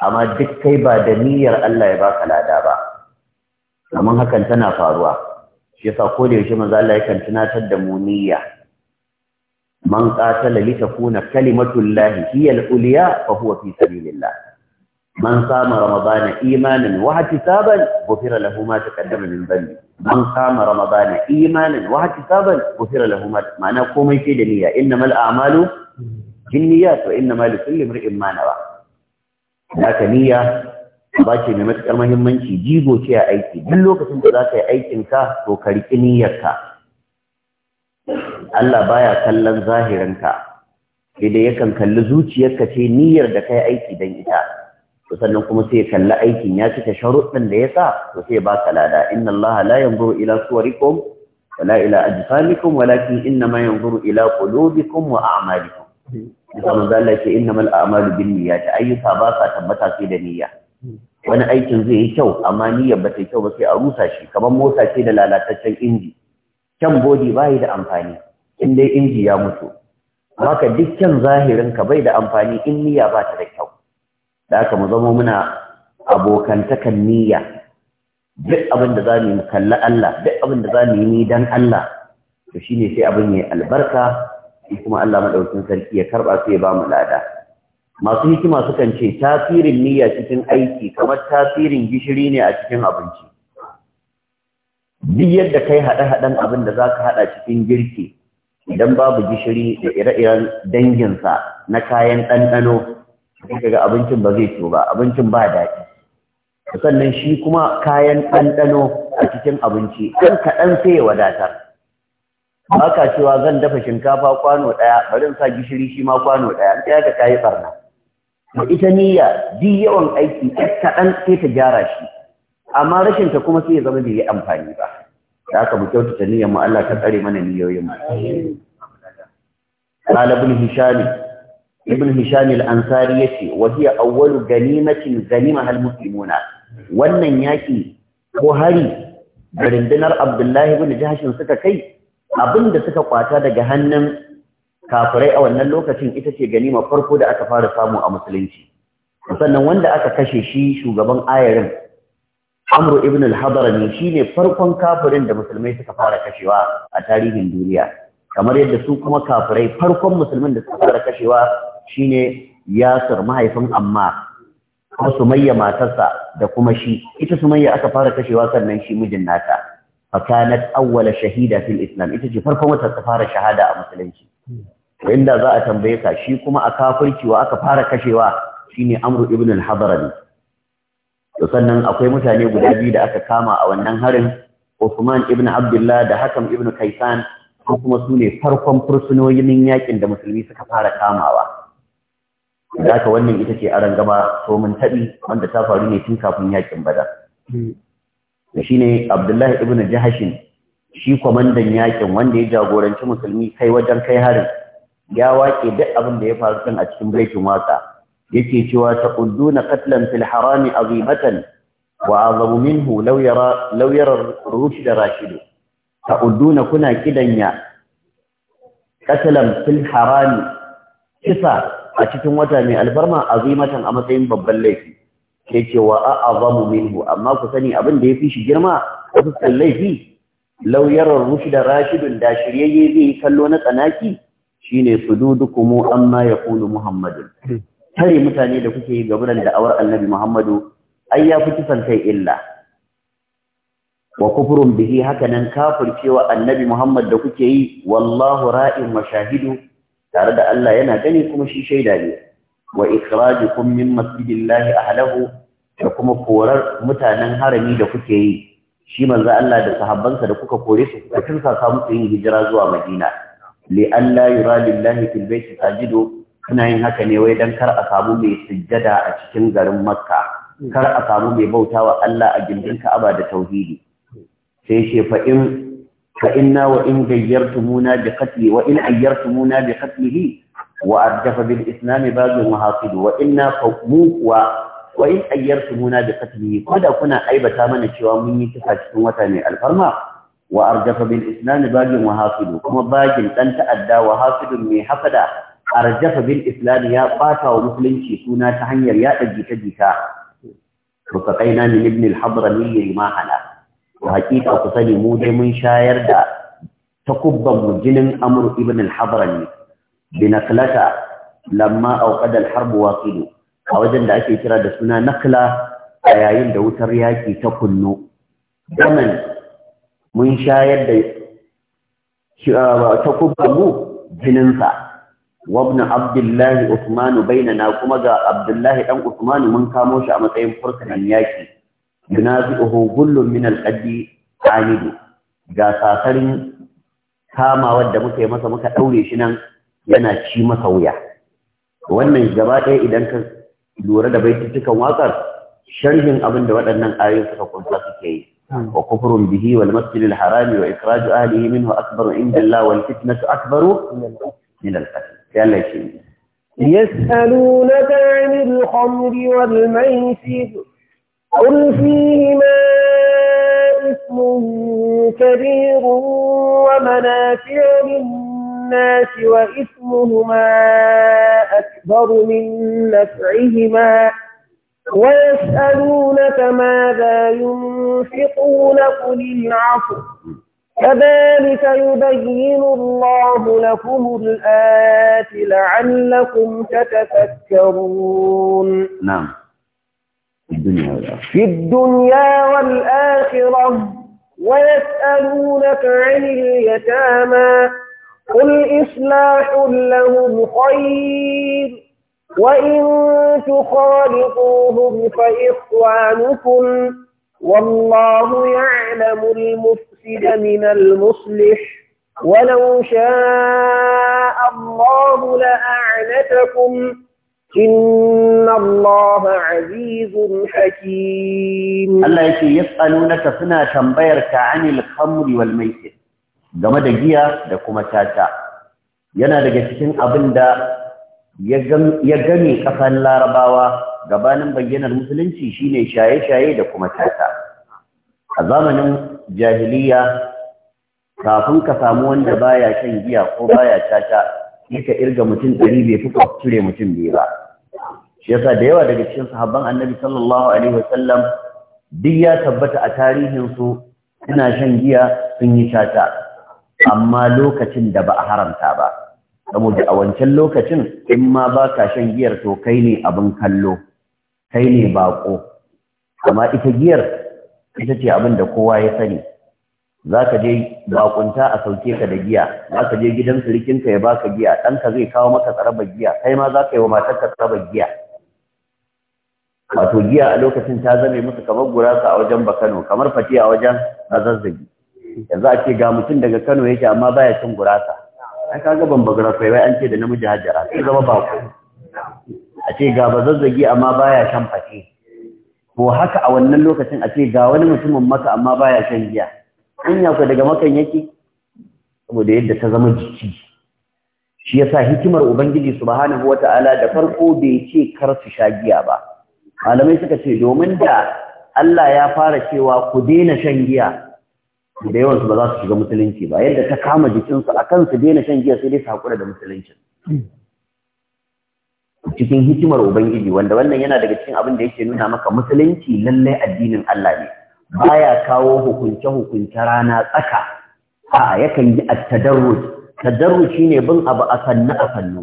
S1: amma duk kai ba da niyyar Allah ya baka lada ba domin hakan tana faruwa shi yasa ko da yaushe manzo Allah yakan tunatar da mu niyya man qatala li takuna kalimatu llahi hiya al-ulya fa huwa fi sabilillah man sama ramadana imanan wa ihtisaban ghufira lahu ma taqaddama min dhanbi man sama ramadana imanan wa ihtisaban ghufira lahu ma ma'ana komai sai da niyya innamal a'malu binniyat wa innamal likulli imrin ma nawa haka niyya ba ce mai matukar muhimmanci jigo ce a aiki duk lokacin da za ka yi aikinka to ka riƙi niyyarka Allah baya kallon zahirinka sai dai yakan kalli zuciyarka ce niyyar da kai aiki dan ita to sannan kuma sai ya kalli aikin ya cika sharuɗin da ya sa to sai baka lada inna Allah la yanzuru ila suwarikum wala ila ajsamikum walakin inna ma yanzuru ila qulubikum wa a'malikum bisa manzo Allah ce innamal a'malu binniyat ayyuka ba sa tabbata sai da niyya wani aikin zai yi kyau amma niyyar ba ta kyau ba sai a rusa shi kamar mota ce da lalataccen inji kyan bodi bayi da amfani in dai inji ya mutu haka dukkan zahirin ka bai da amfani in niyya ba ta da kyau da haka mu zama muna abokantakan niyya duk abin da za mu yi kalla Allah duk abin da za mu yi dan Allah to shine sai abin ya albarka kuma Allah madaukin sarki ya karba su ya ba mu lada masu hikima sukan ce tasirin niyya cikin aiki kamar tasirin gishiri ne a cikin abinci duk yadda kai hada hadan abin da zaka hada cikin girki idan babu gishiri da ire-iren danginsa na kayan ɗanɗano sai ga abincin ba zai ciwo ba abincin ba daɗi sannan shi kuma kayan ɗanɗano a cikin abinci ɗan kaɗan sai ya wadatar ba cewa zan dafa shinkafa kwano ɗaya bari sa gishiri shi ma kwano ɗaya sai ka kayi barna Ma ita niyya di yawan aiki ɗan kaɗan sai ta gyara shi amma rashinta kuma sai ya zama bai yi amfani ba da aka mu kyautata niyyar mu Allah ka tsare mana niyoyin mu قال ابن هشام ابن هشام الأنصاري يتي ganima أول غنيمة wannan yaki ko hari da Abdullahi bin Jahashin suka kai abinda suka kwata daga hannun kafirai a wannan lokacin ita ce ganima farko da aka fara samu a musulunci sannan wanda aka kashe shi shugaban ayarin Amr ibn al-Hadrami shine farkon kafirin da musulmai suka fara kashewa a tarihin duniya kamar yadda su kuma kafirai farkon musulmin da suka fara kashewa shine Yasir mahaifin Amma ko Sumayya matarsa da kuma shi ita Sumayya aka fara kashewa sannan shi mijin nata fakanat awwala shahida fil islam ita ce farkon wata ta fara shahada a musulunci to inda za a tambaye ka shi kuma a kafirci wa aka fara kashewa shine Amr ibn al-Hadrami da sannan akwai mutane guda biyu da aka kama a wannan harin Usman ibn Abdullah da Hakam ibn Kaysan ko kuma su ne farkon fursunoyin yakin da musulmi suka fara kamawa da haka wannan ita ce aran gaba to mun tabi wanda ta faru ne tun kafin yakin bada da shine Abdullah ibn Jahashin shi kwamandan yakin wanda ya jagoranci musulmi kai wajen kai harin ya wake duk abin da ya faru kan a cikin baitin waka yake cewa taqudduna qatlan fil harami azimatan wa azamu minhu law yara law yara rushd rashid kuna kidanya qatlan fil harami kisa a cikin wata mai albarma azimatan a matsayin babban laifi yake wa a'azamu minhu amma ku sani abin da yafi shi girma a fuskan laifi law yara rushd rashid da shiryayye zai kallo na tsanaki shine sududukum amma yaqulu muhammadun tare mutane da kuke yi gaburan da'awar annabi Muhammadu ai ya fi kisan kai illa wa kufurin bihi hakanan kafircewa annabi Muhammad da kuke yi wallahu ra'in wa shahidu tare da Allah yana gani kuma shi shaida ne wa ikhrajukum min a halahu. da kuma korar mutanen harami da kuke yi shi manza Allah da sahabbansa da kuka kore su kuka tursa musu yin hijira zuwa Madina li an la yura lillahi fil baiti sajidu kana yin haka ne wai dan kar a samu mai sujjada a cikin garin makka hmm. kar a samu mai bauta wa Allah a gindin ka'aba da tauhidi sai ce fa in fa inna wa in gayyartumuna bi qatli wa in ayyartumuna bi qatlihi wa arjafa bil islam ba'du mahasid wa inna mu wa wa in ayyartumuna bi qatlihi da kuna aibata mana cewa mun yi kisa cikin wata mai alfarma wa arjafa bil islam ba'du mahasid kuma bagin dan ta'adda wa hasidun mai hafada arjafa bil islam ya ɓata wa musulunci suna ta hanyar yaɗa jita-jita to ka kaina min ibn al-hadrami rimahala to hakika ku sani mu dai mun shayar da takubban mu jinin amr ibn al-hadrami bi lamma auqada al-harb waqidu a wajen da ake kira da suna nakla a yayin da wutar yaki ta kunno zaman mun shayar da ah, takubban mu jininsa وابن عبد الله عثمان بيننا كما جاء عبد الله دان عثمان من كامو shi a matsayin furkanan yaki yunazihu kullun min al-qadi ga sasarin kama wanda muka yi masa muka daure shi nan yana ci masa wuya wannan gaba ɗaya idan ka lura da baitutukan wakar sharhin abin da waɗannan ayoyi suka kunsa suke yi wa kufrun bihi wal masjidil harami wa ikhraju ahlihi minhu akbaru inda Allah wal fitnatu akbaru min al-qatl يلا
S2: يسألونك عن الخمر والميسر قل فيهما إثم كبير ومنافع للناس وإثمهما أكبر من نفعهما ويسألونك ماذا ينفقون قل العفو كذلك يبين الله لكم الآيات لعلكم تتفكرون
S1: نعم في الدنيا والآخرة في
S2: الدنيا والآخرة ويسألونك عن اليتامى قل إصلاح لهم خير وإن تخالطوهم فإخوانكم والله يعلم المفسدين المفسد من المصلح ولو شاء الله لأعنتكم إن الله عزيز حكيم الله يكي
S1: يسألونك سنة تنبيرك عن الخمر والميسر game da giya da kuma caca yana daga cikin abin da ya game kasar larabawa gabanin bayyanar musulunci shine shaye-shaye da kuma caca a jahiliya kafin ka samu wanda baya shan giya ko baya caca ka irga mutum ɗari bai fi cire mutum biyu ba shi yasa da yawa daga cikin sahabban annabi sallallahu alaihi wasallam duk ya tabbata a tarihin su suna shan giya sun yi caca amma lokacin da ba a haramta ba saboda a wancan lokacin in ma ba ka shan giyar to kai ne abin kallo kai ne bako amma ita giyar ita ce abin da kowa ya sani za ka je bakunta a sauke ka da giya za ka je gidan sirikinka ya baka giya ɗanka zai kawo maka tsarabar giya kai ma za ka yi wa matarka tsarabar giya wato giya a lokacin ta zame musu kamar gurasa a wajen bakano kamar fati a wajen azazzabi yanzu a ce ga mutum daga kano yake amma baya cin gurasa ai kaga ban ba gurasa wai an ce da namiji hajjara sai zama bako a ce ga bazazzagi amma baya shan fate ko haka a wannan lokacin a ce ga wani mutumin maka amma baya shan giya hanya ko daga makan yake saboda yadda ta zama jiki shi yasa hikimar ubangiji subhanahu wataala da farko bai ce kar su sha giya ba malamai suka ce domin da Allah ya fara cewa ku daina shan giya da yawansu ba za su shiga musulunci ba yadda ta kama jikinsu a kan su daina shan giya sai dai su hakura da musulunci cikin hikimar ubangiji wanda wannan yana daga cikin abin da yake nuna maka musulunci lallai addinin Allah ne baya kawo hukunce hukunce rana tsaka a yakan yi at-tadarruj tadarruj shine bin abu a sannu a sannu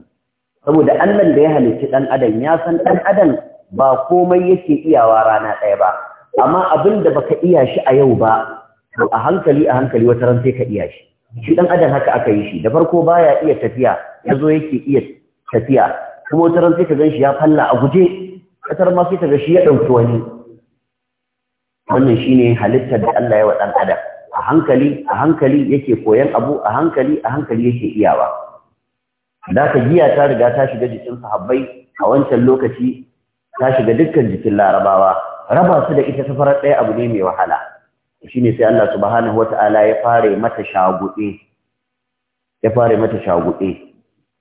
S1: saboda Allah da ya halicci dan adam ya san dan adam ba komai yake iyawa rana ɗaya ba amma abin da baka iya shi a yau ba to a hankali a hankali wata ran sai ka iya shi shi dan adam haka aka yi shi da farko baya iya tafiya yazo yake iya tafiya kuma wata sai ka gan shi ya falla a guje kasar ma sai ka ga shi ya ɗauki wani wannan shine halittar da Allah ya wa ɗan adam a hankali a hankali yake koyan abu a hankali a hankali yake iyawa da ka giya ta riga ta shiga jikin sahabbai a wancan lokaci ta shiga dukkan jikin larabawa raba su da ita ta farar ɗaya abu ne mai wahala shine sai Allah subhanahu wata'ala ya fare mata shaguɗe ya fare mata shaguɗe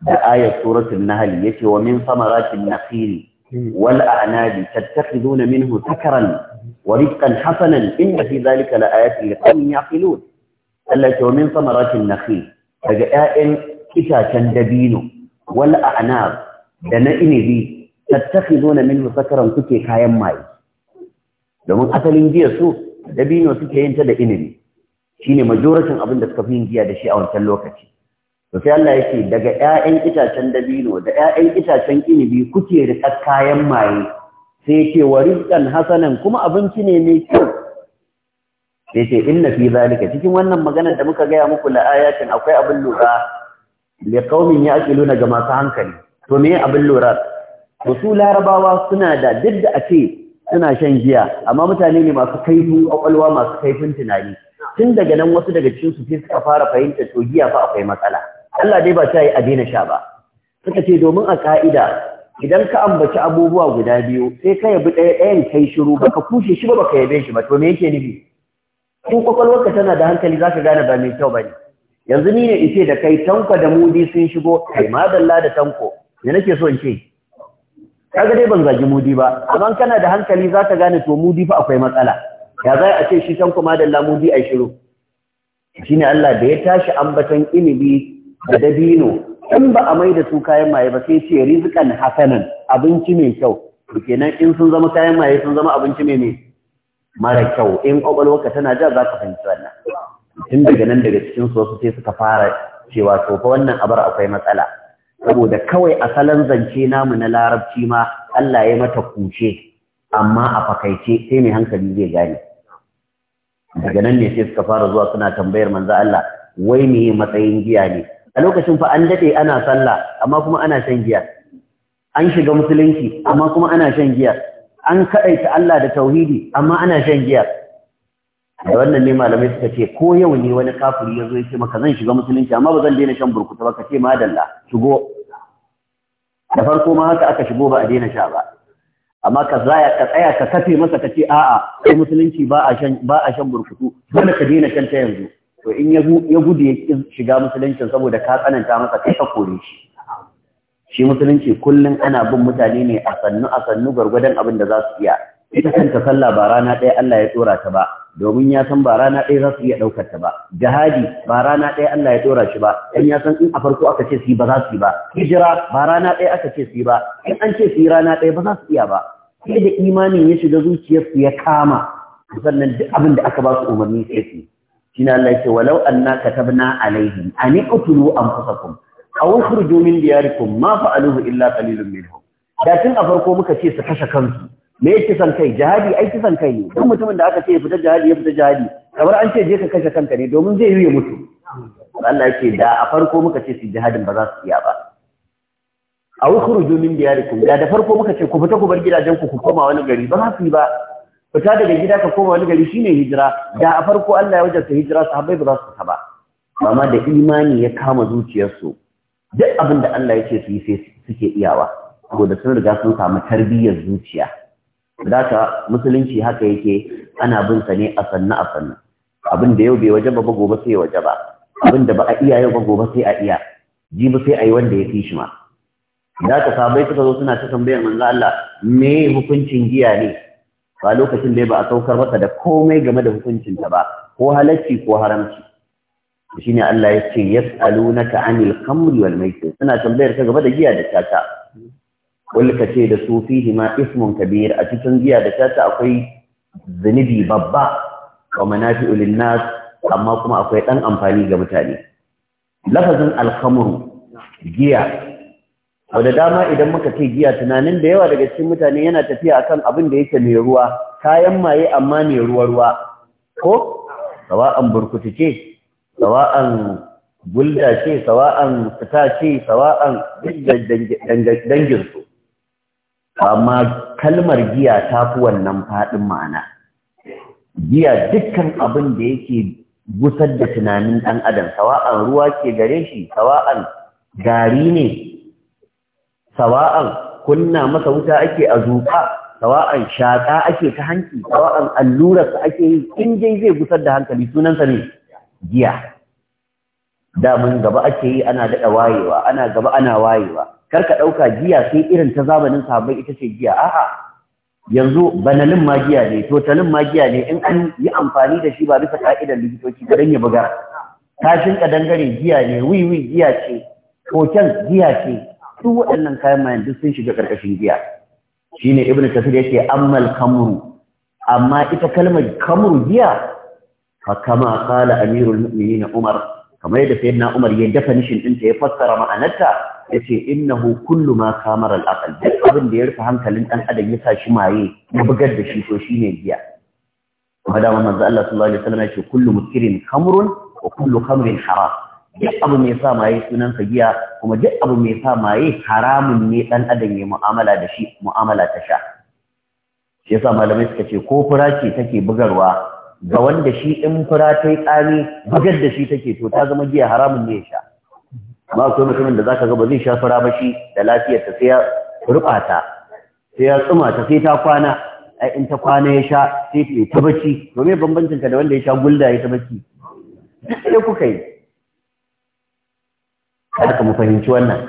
S1: da suratun Nahali ya yace wa min samaratin nakhil wal a'nabi tattakhiduna minhu sakaran wa rizqan hasanan inna fi dhalika laayatin liqawmin yaqilun Allah ya min samaratin nakhil daga 'ya'yan itacen dabino wal a'nab da na inibi tattakhiduna minhu sakaran kuke kayan mai domin asalin giyarsu su dabino suke yin ta da inibi shine majoratin abin da suka fi yin giya da shi a wancan lokaci to sai Allah yake daga ƴaƴan itacen dabino da ƴaƴan itacen inibi kuke riƙa kayan maye sai yake wa rizqan hasanan kuma abinci ne mai kyau sai ce inna fi zalika cikin wannan magana da muka gaya muku la ayatin akwai abin lura li qaumin ya'qiluna ga masu hankali to me abin lura to su larabawa suna da duk da ce suna shan giya amma mutane ne masu kaifin kwakwalwa masu kaifin tunani tun daga nan wasu daga cikin su suka fara fahimta to giya fa akwai matsala Allah dai ba ta yi a sha ba suka ce domin a ka'ida idan ka ambaci abubuwa guda biyu sai ka yabi ɗaya ɗayan kai shiru ka kushe shi ba baka yabe shi ba to me yake nufi in kwakwalwarka tana da hankali za ka gane ba mai kyau ba ne yanzu ni ne ice da kai tanko da mudi sun shigo kai madalla da tanko me nake so in ce kaga dai ban zagi mudi ba amma kana da hankali za ka gane to mudi fa akwai matsala ya za a ce shi tanko ma madalla mudi ai shiru Shi ne Allah da ya tashi ambaton ilimi da dabino in ba a mai da su kayan maye ba sai ce rizikan hasanan abinci mai kyau kenan in sun zama kayan maye sun zama abinci mai mai mara kyau in ka tana ja za ka fahimci wannan tun daga nan daga cikin su wasu sai suka fara cewa to fa wannan abar akwai matsala saboda kawai a salon zance namu na larabci ma Allah ya mata kushe. amma a fakaice sai mai hankali zai gane daga nan ne sai suka fara zuwa suna tambayar manzo Allah wai me matsayin giya ne a lokacin fa an dade ana sallah amma kuma ana shan giya an shiga musulunci amma kuma ana shan giya an kadaita Allah da tauhidi amma ana shan giya da wannan ne malamai suka ce ko yau ne wani kafiri ya zo ya ce maka zan shiga musulunci amma ba zan daina shan burkutu ba ka ce madalla shigo da farko ma haka aka shigo ba a daina sha ba amma ka zaya ka tsaya ka kafe masa ka ce a'a sai musulunci ba a shan ba a shan burkutu dole ka daina shan ta yanzu to in ya gudu ya shiga musuluncin saboda ka tsananta masa kai ka kore shi shi musulunci kullum ana bin mutane ne a sannu a sannu gwargwadon abin da za su iya ita kanta sallah ba rana ɗaya Allah ya tsora ta ba domin ya san ba rana ɗaya za su iya ɗaukar ta ba jihadi ba rana ɗaya Allah ya tsora shi ba dan ya san in a farko aka ce su yi ba za su yi ba hijira ba rana ɗaya aka ce su ba in an ce su rana ɗaya ba za su iya ba sai da imanin ya shiga zuciyarsu ya kama sannan duk abin da aka ba su umarni sai su yi shine Allah yake walau anna katabna alaihim an iqtulu anfusakum aw ukhruju min diyarikum ma fa'aluhu illa qalilun minhum da tun a farko muka ce su kashe kansu me yake san kai jihadi ai kisan kai ne duk mutumin da aka ce ya fita jihadi ya fita jihadi kamar an ce je ka kashe kanka ne domin zai yi ya mutu Allah yake da a farko muka ce su jihadin ba za su iya ba a wukhruju min diyarikum da da farko muka ce ku fita ku bar gidajen ku ku koma wani gari ba za su yi ba fita daga gida ka koma wani gari shine hijira da a farko Allah ya wajarta hijira sahabbai ba za su ta ba amma da imani ya kama zuciyarsu duk abin da Allah ya ce su yi sai suke iyawa saboda sun riga sun samu tarbiyyar zuciya da ka musulunci haka yake ana bin sa ne a sanna a sanna abin da yau bai waje ba gobe sai waje ba abin da ba a iya yau ba gobe sai a iya jibi sai a yi wanda ya fi shi ma da ka sabai suka zo suna ta tambayar manzo Allah me hukuncin giya ne Ba lokacin da ba a saukar masa da komai game da hukuncinta ba ko halacci ko haramci shine Allah ya ce yas'alunaka anil khamri wal maisir suna tambayar ka game da giya da tata ka ce da su fihi ma ismun kabir a cikin giya da tata akwai zunubi babba wa manafi'u lin nas amma kuma akwai dan amfani ga mutane lafazin al khamru giya da dama idan muka ce giya tunanin da yawa daga cikin mutane yana tafiya akan abin da yake mai ruwa kayan maye amma mai ruwa ruwa ko sawa'an burkutu ce sawa'an gulda ce sawa'an fita ce sawa'an dangin su amma kalmar giya ta fi wannan faɗin ma'ana giya dukkan abin da yake gusar da tunanin ɗan adam sawa'an ruwa ke gare shi sawa'an gari ne sawa'an kunna masa wuta ake a zuƙa sawa'an shaƙa ake ta hanki sawa'an allurarsa ake yi in dai zai gusar da hankali sunansa ne giya damun gaba ake yi ana daɗa wayewa ana gaba ana wayewa kar ka ɗauka giya sai irin ta zamanin sahabbai ita ce giya a'a yanzu banalin magiya ne totalin magiya ne in an yi amfani da shi ba bisa ka'idar likitoci ba don ya buga tashin ka dangare giya ne wiwi giya ce giya ce duk waɗannan kayan mayan duk sun shiga ƙarƙashin giya shine ibnu kasir yake ammal kamru amma ita kalmar kamru giya fa kama qala amirul mu'minin umar kamar yadda sayyidina umar ya definition din ta ya fassara ma'anarta yace innahu kullu ma kamara al-aql duk abin da ya rufe hankalin dan adam ya shi maye ya bugar da shi to shine giya kuma da manzo Allah sallallahu alaihi wasallam yace kullu muskirin Kamrun wa kullu kamrin haram duk abu mai sa maye sunansa giya kuma duk abu mai sa maye haramun ne dan adam ya mu'amala da shi mu'amala ta sha shi yasa malamai suka ce ko fura ce take bugarwa ga wanda shi in fura ta yi tsami bugar da shi take to ta zama giya haramun ne ya sha amma akwai mutumin da zaka ga ba zai sha fura ba shi da lafiyar ta sai ya rubata sai ya tsuma ta sai ta kwana ai in ta kwana ya sha sai ta bacci to me bambancin ka da wanda ya sha gulda ya ta bacci sai kuka yi haka mu fahimci wannan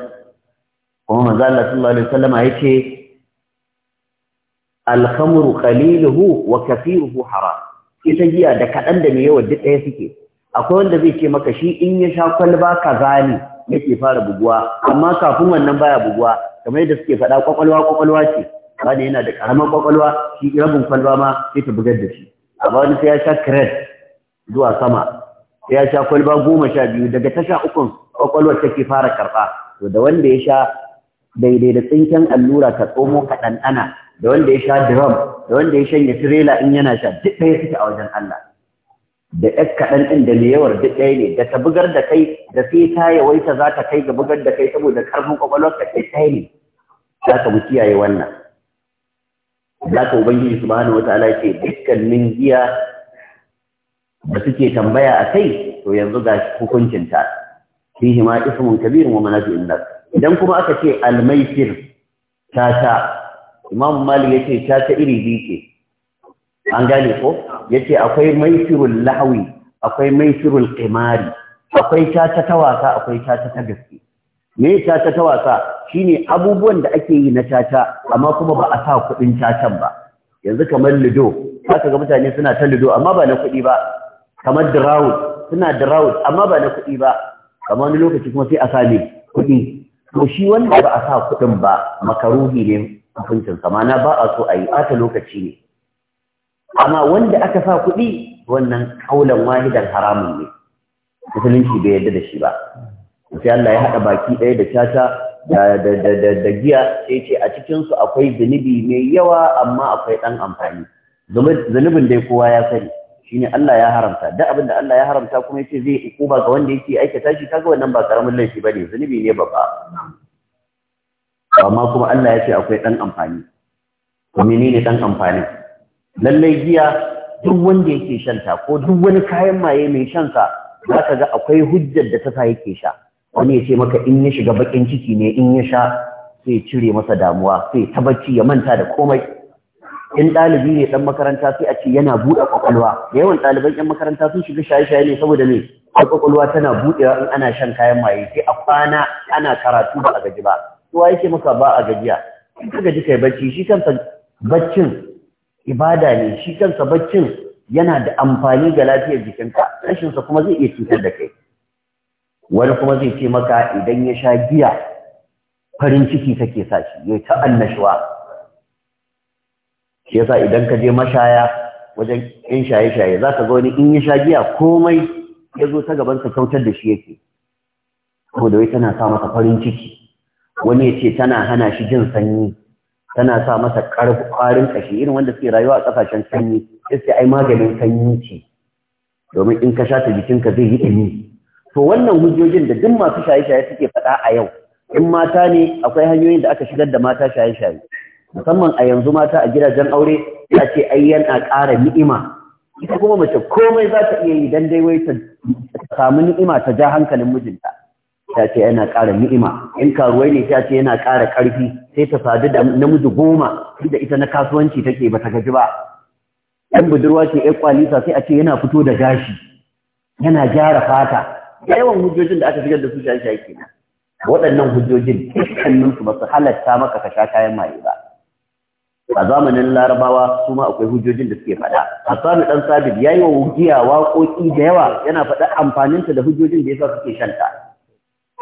S1: kuma manzo Allah sallallahu alaihi wasallam yace al-khamru qalilu wa kathiruhu haram ita giya da kadan da mai yawa duk suke akwai wanda zai ce maka shi in ya sha kwalba kaza ne yake fara buguwa amma kafin wannan baya buguwa kamar yadda suke faɗa kwakwalwa kwakwalwa ce wani yana da karamar kwakwalwa shi rabin kwalba ma sai ta bugar da shi amma wani sai ya sha kres zuwa sama sai ya sha kwalba goma sha biyu daga tasha ukun kwakwalwar take fara karɓa to da wanda ya sha daidai da tsinken allura ka tsomo ka ɗanɗana da wanda ya sha drum da wanda ya shanya tirela in yana sha duk ɗaya suke a wajen Allah da ɗan kaɗan ɗin da mai yawar duk ɗaya ne da ta bugar da kai da sai ta yawaita za ta kai ga bugar da kai saboda ƙarfin ƙwaƙwalwar ka ta ɗaya ne za ka mu kiyaye wannan za ka ubangiji wata ala ce dukkanin giya da suke tambaya a kai to yanzu ga ta. fihi ma ismun kabirun wa manafi'un nas idan kuma aka ce almaisir tata imam malik yace tata iri biyu ke. an gane ko yace akwai maisirul lahwi akwai maisirul qimari akwai tata ta wasa akwai tata ta gaske me tata ta wasa shine abubuwan da ake yi na caca, amma kuma ba a sa kuɗin tatan ba yanzu kamar lido aka ga mutane suna ta lido amma ba na kuɗi ba kamar drawut suna drawut amma ba na kuɗi ba kamar wani lokaci kuma sai a sa kuɗi to shi wanda ba a sa kuɗin ba makaruhi ne hukuncin sa mana ba a so a yi ɓata lokaci ne amma wanda aka sa kuɗi wannan kaulan wahidan haramun ne musulunci bai yarda da shi ba sai Allah ya haɗa baki ɗaya da caca da giya sai ce a cikinsu akwai zunubi mai yawa amma akwai ɗan amfani zunubin dai kowa ya sani shine Allah ya haramta da abinda Allah ya haramta kuma yace zai hukuma ga wanda yake aikata shi kaga wannan ba karamin laifi bane zunubi ne babba amma kuma Allah yace akwai dan amfani ni menene dan amfani lalle giya duk wanda yake shanta ko duk wani kayan maye mai shan za ka ga akwai hujjar da ta sa yake sha wani yace maka in ya shiga bakin ciki ne in ya sha sai cire masa damuwa sai ta bacci ya manta da komai in ɗalibi ne ɗan makaranta sai a ce yana buɗe ƙwaƙwalwa da yawan ɗaliban ƴan makaranta sun shiga shaye-shaye ne saboda me ƙwaƙwalwa tana buɗewa in ana shan kayan maye sai a kwana ana karatu ba a gaji ba kowa yake maka ba a gajiya in ka gaji kai bacci shi kansa baccin ibada ne shi kansa baccin yana da amfani ga lafiyar jikinka rashinsa kuma zai iya cutar da kai wani kuma zai ce maka idan ya sha giya farin ciki take sa shi ya ta annashuwa shi yasa idan ka je mashaya wajen yan shaye-shaye za ka ga wani in ya sha giya komai ya zo ta gaban ka kautar da shi yake saboda wai tana sa masa farin ciki wani ya ce tana hana shi jin sanyi tana sa masa ƙwarin ƙashi irin wanda suke rayuwa a ƙasashen sanyi sai ai maganin sanyi ce domin in ka sha ta jikinka zai yi ɗumi to wannan hujjojin da duk masu shaye-shaye suke faɗa a yau in mata ne akwai hanyoyin da aka shigar da mata shaye-shaye musamman a yanzu mata a gidajen aure ta ce ai yana ƙara ni'ima ita kuma mace komai za ta iya yi dan dai wai ta samu ni'ima ta ja hankalin mijinta ta ce yana ƙara ni'ima in karuwai ne ta ce yana ƙara ƙarfi sai ta sadu da namiji goma da ita na kasuwanci take ba ta gaji ba ɗan budurwa ce ƴan kwalisa sai a ce yana fito da gashi yana gyara fata yawan hujjojin da aka shigar da su shaye-shaye kenan waɗannan hujjojin su ba su halatta maka ka sha kayan maye ba a zamanin larabawa su ma akwai hujjojin da suke faɗa hassan dan sabit yayi wa wujiya waƙoƙi da yawa yana faɗa amfaninta da hujjojin da yasa suke shanta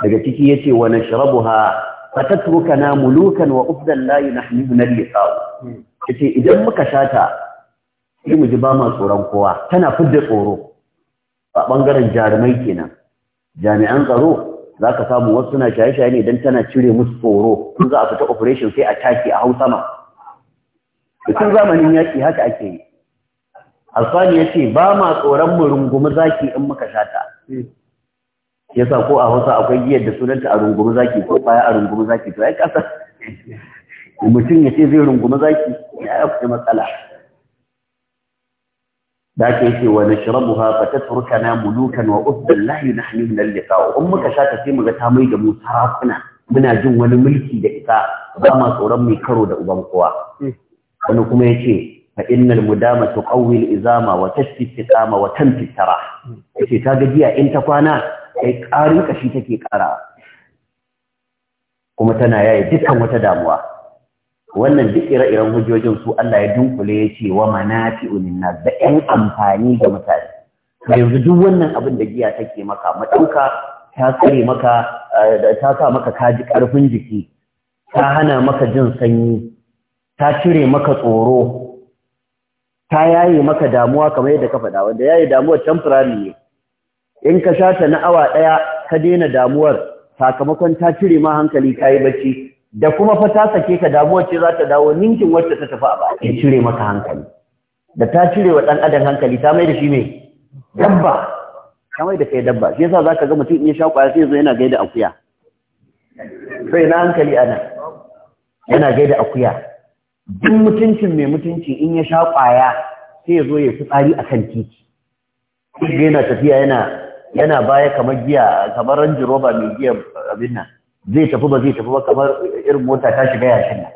S1: daga ciki yace wa nashrabuha fatatrukana mulukan wa ufdan la yunahmiluna al-liqa'u yace idan muka shata sai mu ji ba ma tsoron kowa tana fudda tsoro a bangaren jarumai kenan jami'an tsaro zaka samu wasu suna shaye-shaye ne dan tana cire musu tsoro kun za a fita operation sai a taki a hau ma Bikin zamanin yaƙi haka ake yi. Alfani ya ce, ba ma tsoron mu rungumi zaki in muka shata. sa ko a Hausa akwai giyar da sunanta a rungumi zaki ko baya a rungumi zaki to ya kasa. Mutum ya ce zai rungumi zaki ya yi matsala. da ake ce wa na shirabu ha fa turka na mulukan wa ubdan na yunahni na al-liqa in muka sha ta sai muga ta mai da mu sarakuna muna jin wani mulki da ita ba ma tsoron mai karo da uban kowa wani kuma yace fa innal mudama tuqawwi al-izama wa tashfi istiqama wa tanfi tarah yace ta gajiya in ta kwana kai ƙarin kashi take ƙara kuma tana yaye dukkan wata damuwa wannan duk ire-iren hujjojin su Allah ya dunkule ya ce wa manafi'un nas da ƴan amfani ga mutane to yanzu duk wannan abin da giya take maka madauka ta tsare maka eh, ta sa maka kaji karfin jiki ta hana maka jin sanyi ta cire maka tsoro ta yaye maka damuwa kamar yadda ka faɗa wanda yaye damuwar temporary ne in ka sha ta na awa ɗaya ka daina damuwar sakamakon ta cire ma hankali ka yi bacci da kuma fa ta sake ka damuwar ce za ta dawo ninkin wacce ta tafi a ba ta cire maka hankali da ta cire wa ɗan adam hankali ta mai da shi ne dabba ta mai da kai dabba shi yasa zaka ga mutum in ya sha kwaya sai zo yana gaida akuya sai na hankali ana yana gaida akuya duk mutuncin mai mutunci in ya sha ƙwaya sai ya zo ya fi tsari a kan titi sai yana tafiya yana baya kamar giya kamar ranji roba mai giya abin nan zai tafi ba zai tafi ba kamar irin mota ta shiga yashin nan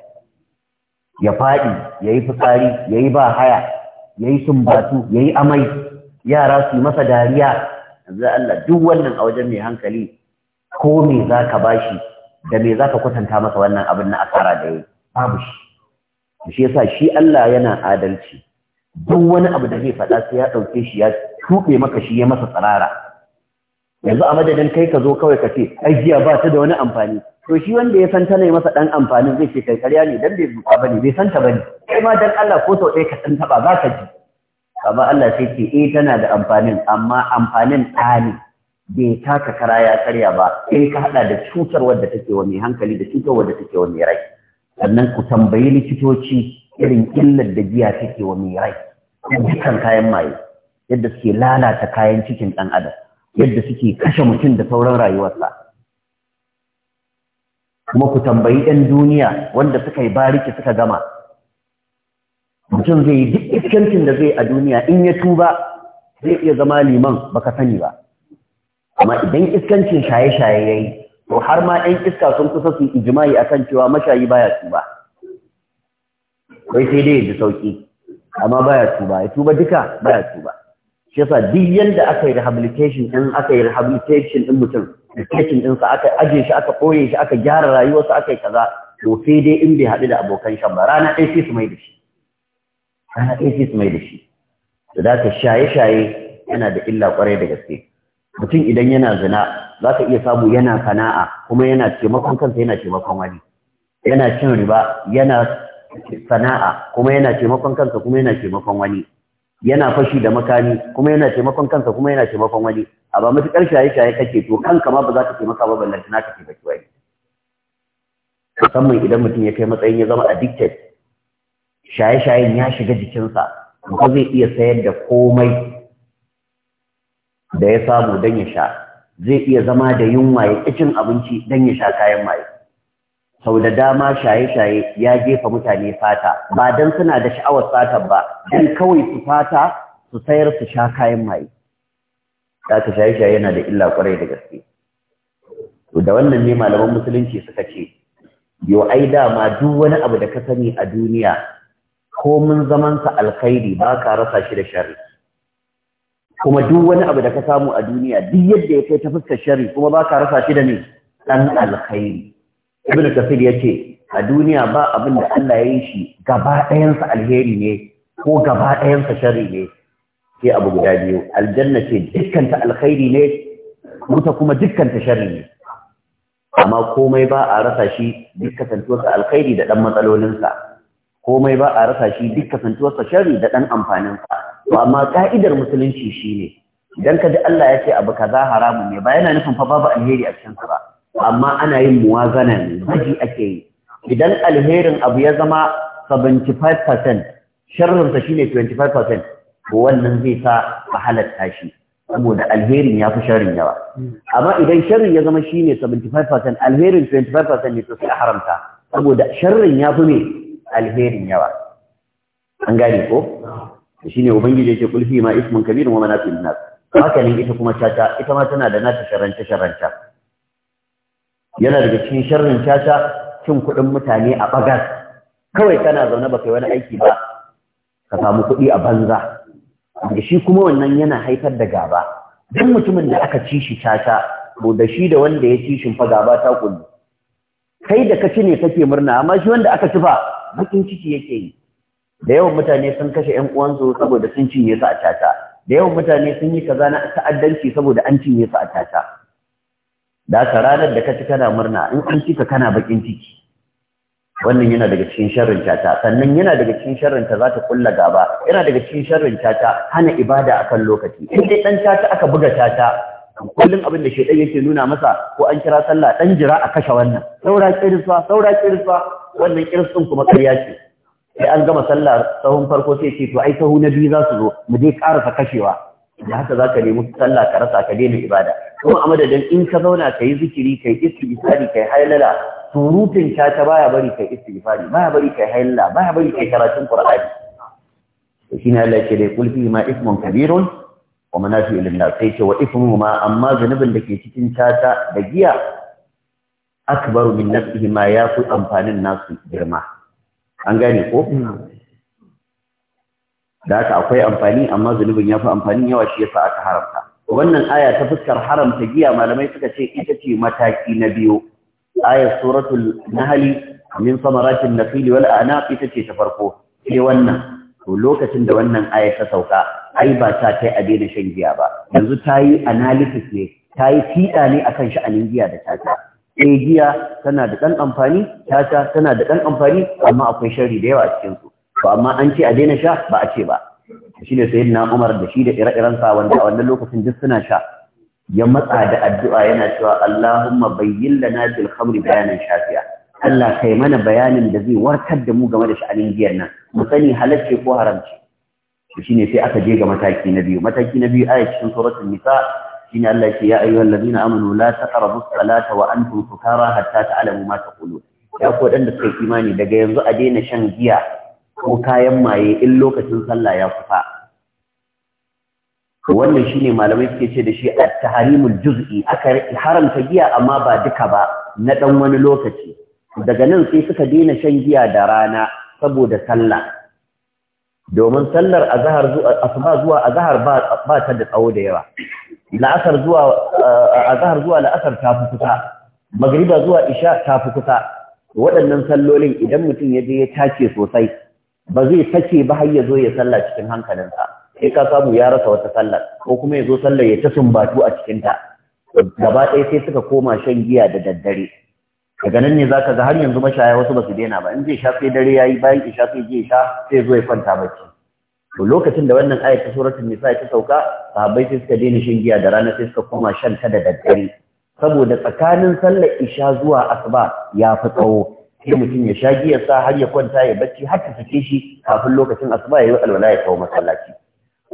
S1: ya faɗi ya yi fitsari ya yi ba haya ya yi sumbatu ya yi amai yara su yi masa dariya yanzu Allah duk wannan a wajen mai hankali ko me za ka bashi da me za ka kwatanta masa wannan abin na asara da ya yi babu shi shi yasa shi Allah yana adalci duk wani abu da zai faɗa sai ya ɗauke shi ya tuɓe maka shi ya masa tsarara yanzu a madadin kai ka zo kawai ka ce ajiya bata ba ta da wani amfani to shi wanda ya san ta ne masa ɗan amfanin zai ce kai ne dan bai zuka ne bai san ta ne. kai ma dan Allah ko sau ɗaya ka san za ka ji amma Allah sai ce eh tana da amfanin amma amfanin ɗa ne bai taka kara ya karya ba sai ka haɗa da cutar wadda take wa mai hankali da cutar wadda take wa mai rai sannan ku tambayi likitoci irin illar da giya take wa mai rai dukkan kayan maye yadda suke lalata kayan cikin ɗan adam yadda suke kashe mutum da sauran rayuwarsa kuma ku tambayi ɗan duniya wanda suka yi bariki suka gama mutum zai yi duk iskancin da zai a duniya in ya tuba zai iya zama liman baka sani ba amma idan iskancin shaye-shaye ya yi to har ma ɗan iska sun kusa su ijimai kan cewa mashayi baya tuba kai sai dai ya ji sauki amma baya tuba ya tuba duka baya tuba shi yasa duk yanda aka yi rehabilitation din aka yi rehabilitation din mutum rehabilitation din sa aka aje shi aka koye shi aka gyara rayuwarsa aka yi kaza to sai dai in bai haɗu da abokan shan ba rana ɗaya sai su mai da shi rana ɗaya sai su mai da shi da shaye-shaye yana da illa ƙwarai da gaske mutum idan yana zina za ka iya samu yana sana'a kuma yana taimakon kansa yana taimakon wani yana cin riba yana sana'a kuma yana taimakon kansa kuma yana taimakon wani yana fashi da makami kuma yana taimakon kansa kuma yana taimakon wani a ba karshe shaye shaye kake to kanka ma ba za ka taimaka ba ballan na ka ba. kiwai musamman idan mutum ya kai matsayin ya zama addicted shaye shayen ya shiga jikinsa ba zai iya sayar da komai da ya samu don ya sha zai iya zama da yunwa ya ƙi cin abinci don ya sha kayan maye sau da dama shaye-shaye ya jefa mutane fata ba don suna da sha'awar fatan ba don kawai su fata su sayar su sha kayan maye haka shaye-shaye yana da illa ƙwarai da gaske to da wannan ne malaman musulunci suka ce yo ai dama duk wani abu da ka sani a duniya ko mun alkhairi ba ka rasa shi da sharri kuma duk wani abu da ka samu a duniya duk yadda ya kai ta fuskar shari kuma ba ka rasa shi da ne ɗan alkhairi ibn kafir ya ce a duniya ba abin da Allah ya yi shi gaba ɗayansa alheri ne ko gaba ɗayansa shari ne sai abu guda biyu aljanna ce ta alkhairi ne wuta kuma ta shari ne amma komai ba a rasa shi duk kasantuwarsa alkhairi da ɗan matsalolinsa komai ba a rasa shi duk kasantuwarsa shari da ɗan amfaninsa to amma ka'idar musulunci shine idan ka ji Allah ya ce abu kaza haramun ne ba yana nufin fa babu alheri a cikin ba amma ana yin muwazana ne haji ake yi idan alherin abu ya zama 75% sharrinsa shine 25% ko wannan zai sa a shi saboda alherin ya fi sharrin yawa amma idan sharrin ya zama shine 75% alherin 25% ne to sai a haramta saboda sharrin ya fi ne alherin yawa an gane ko ne ubangiji yake kulfi ma ismun kabirun wa manafi nas haka ita kuma caca ita ma tana da nata sharance sharanta yana daga cikin sharrin caca cin kuɗin mutane a bagas kawai kana zaune ba kai wani aiki ba ka samu kuɗi a banza da shi kuma wannan yana haifar da gaba duk mutumin da aka ci shi caca to da shi da wanda ya ci shi fa gaba ta kullu kai da ka ci ne kake murna amma shi wanda aka ci fa bakin ciki yake yi da yawan mutane sun kashe ƴan uwansu saboda sun cinye su a caca da yawan mutane sun yi kaza na ta'addanci saboda an cinye su a caca da ka ranar da ka ci kana murna in an ci ka kana bakin ciki wannan yana daga cikin sharrin caca sannan yana daga cikin sharrin ta za ta kulla gaba yana daga cikin sharrin caca hana ibada akan lokaci in dai dan caca aka buga caca kullum abin da shaidan yake nuna masa ko an kira sallah dan jira a kashe wannan saura kirsa saura kirsa wannan kirsin kuma ƙarya ce sai an gama sallah sahun farko sai ce to ai sahu na biyu za su zo mu je karasa kashewa da haka za ka nemi sallah ka rasa ka daina ibada kuma a madadin in ka zauna ka yi zikiri ka yi istighfari ka yi hailala surutin ta ta baya bari ka yi istighfari baya bari ka yi hailala baya bari ka yi karatun qur'ani to shine Allah yake da kul ma ismun kabirun wa manafi'u lin nas sai ce wa ismu ma amma zanubin da ke cikin tata da giya akbaru min nafsihi ma yafi amfanin nasu girma an gane ko da haka akwai amfani amma zunubin ya fi amfani yawa shi yasa aka haramta wannan aya ta fuskar haramta giya malamai suka ce ita ce mataki na biyu ayar suratul nahli min samaratin nakhili wal anaq ita ce ta farko sai wannan to lokacin da wannan aya ta sauka ai ba ta kai a daina shan giya ba yanzu ta yi analysis ne ta yi fiɗa ne akan sha'anin giya da tata eh giya tana da ɗan amfani tata tana da ɗan amfani amma akwai shari da yawa a cikin su to amma an ce a daina sha ba a ce ba shine sayyidina Umar da shi da ire-iren sa wanda a wannan lokacin duk suna sha ya matsa da addu'a yana cewa Allahumma bayyin lana fil khamri bayanan shafiya Allah kai mana bayanin da zai warkar da mu game da sha'anin giyar nan mu sani halacce ko haramci shine sai aka je ga mataki na biyu mataki na biyu ayat cikin suratul nisa shine Allah yake ya ayyuhal ladina amanu la taqrabu salata wa antum sukara hatta ta'lamu ma taqulun ya ko dan da suka imani daga yanzu a daina shan giya ko kayan maye in lokacin sallah ya kusa wannan shine malamai suke ce da shi at taharimul juz'i aka haramta giya amma ba duka ba na dan wani lokaci daga nan sai suka daina shan giya da rana saboda sallah domin sallar azhar zuwa asuba zuwa azhar ba ba ta da tsawo da yawa la'asar zuwa eh, azhar zuwa la'asar ta fi kusa magriba zuwa isha ta fi kusa waɗannan sallolin idan mutum ya je ya tace sosai ba zai take ba har ya zo ya sallah cikin hankalinsa sai ka samu ya rasa wata sallar ko kuma ya zo sallar ya ta sumbatu a cikin ta, gaba ɗaya sai suka koma shan giya da daddare daga nan ne za ka ga har yanzu mashaya wasu ba su daina ba in zai sha sai dare ya yi bayan isha sai je sha sai zo ya kwanta bacci to lokacin da wannan ayat ta suratul nisa ta sauka sahabbai sai suka daina shan giya da rana sai suka koma shan ta da daddare saboda tsakanin sallar isha zuwa asuba ya fi tsawo sai mutum ya sha giyar sa har ya kwanta ya bacci har ta sake shi kafin lokacin asuba ya yi alwala ya kawo masallaci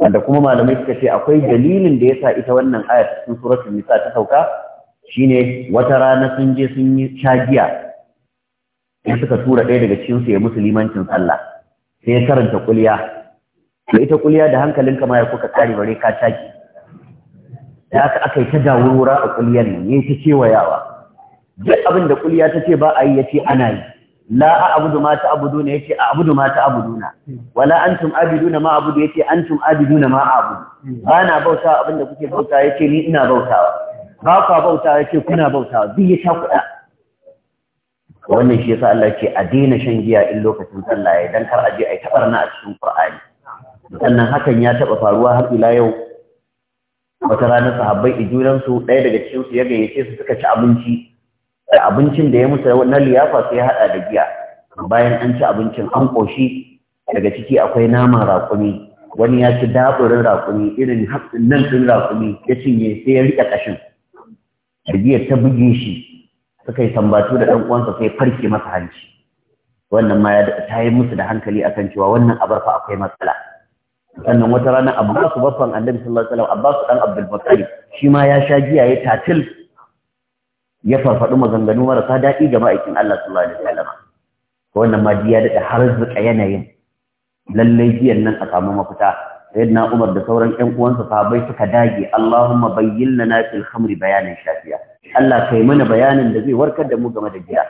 S1: wanda kuma malamai suka ce akwai dalilin da ya sa ita wannan ayat ta suratul nisa ta sauka shine wata rana sun je sun yi sha giya sai suka tura ɗaya daga cikin su ya musu limancin sallah sai ya karanta kulya da ita kuliya da hankalinka ma ya kuka kare bare ka taki da aka aka yi ta dawurwura a kuliyar nan ne ta kewayawa duk abin da kuliya ta ce ba a yi ce ana yi la a'budu ma ce a a'budu ma na wala antum na ma a'budu yace antum na ma a'budu bana bauta abin da kuke bauta yace ni ina bautawa ba kwa bauta yace kuna bautawa duk ya kuɗa. wannan shi yasa Allah ce a daina shan giya in lokacin sallah ya dan kar a je ai tabarna a cikin Qur'ani sannan hakan ya taɓa faruwa har ila yau wata ranar sahabbai junansu ɗaya daga cikinsu ya gayyace su suka ci abinci da abincin da ya musu na liyafa sai ya haɗa da giya bayan an ci abincin an ƙoshi daga ciki akwai naman raƙumi wani ya ci daburin raƙumi irin nan ɗin raƙumi ya cinye sai ya riƙe ƙashin da giyar ta buge shi suka yi tambatu da ɗan uwansa sai farke masa hanci wannan ma ya ta yi musu da hankali akan cewa wannan abarfa akwai matsala sannan wata rana Abbas baffan Annabi sallallahu alaihi wasallam Abbas dan Abdul Muttalib shi ma ya sha giya ya tatil ya farfadu maganganu marasa daɗi ga ma'aikin Allah sallallahu alaihi wasallam wannan ma ya daɗa har zuka yanayin lallai giyan nan a samu mafita sayyidina Umar da sauran ƴan uwansa sahabbai suka dage Allahumma bayyin lana fil khamri bayanan shafiya Allah kai mana bayanin da zai warkar da mu game da giya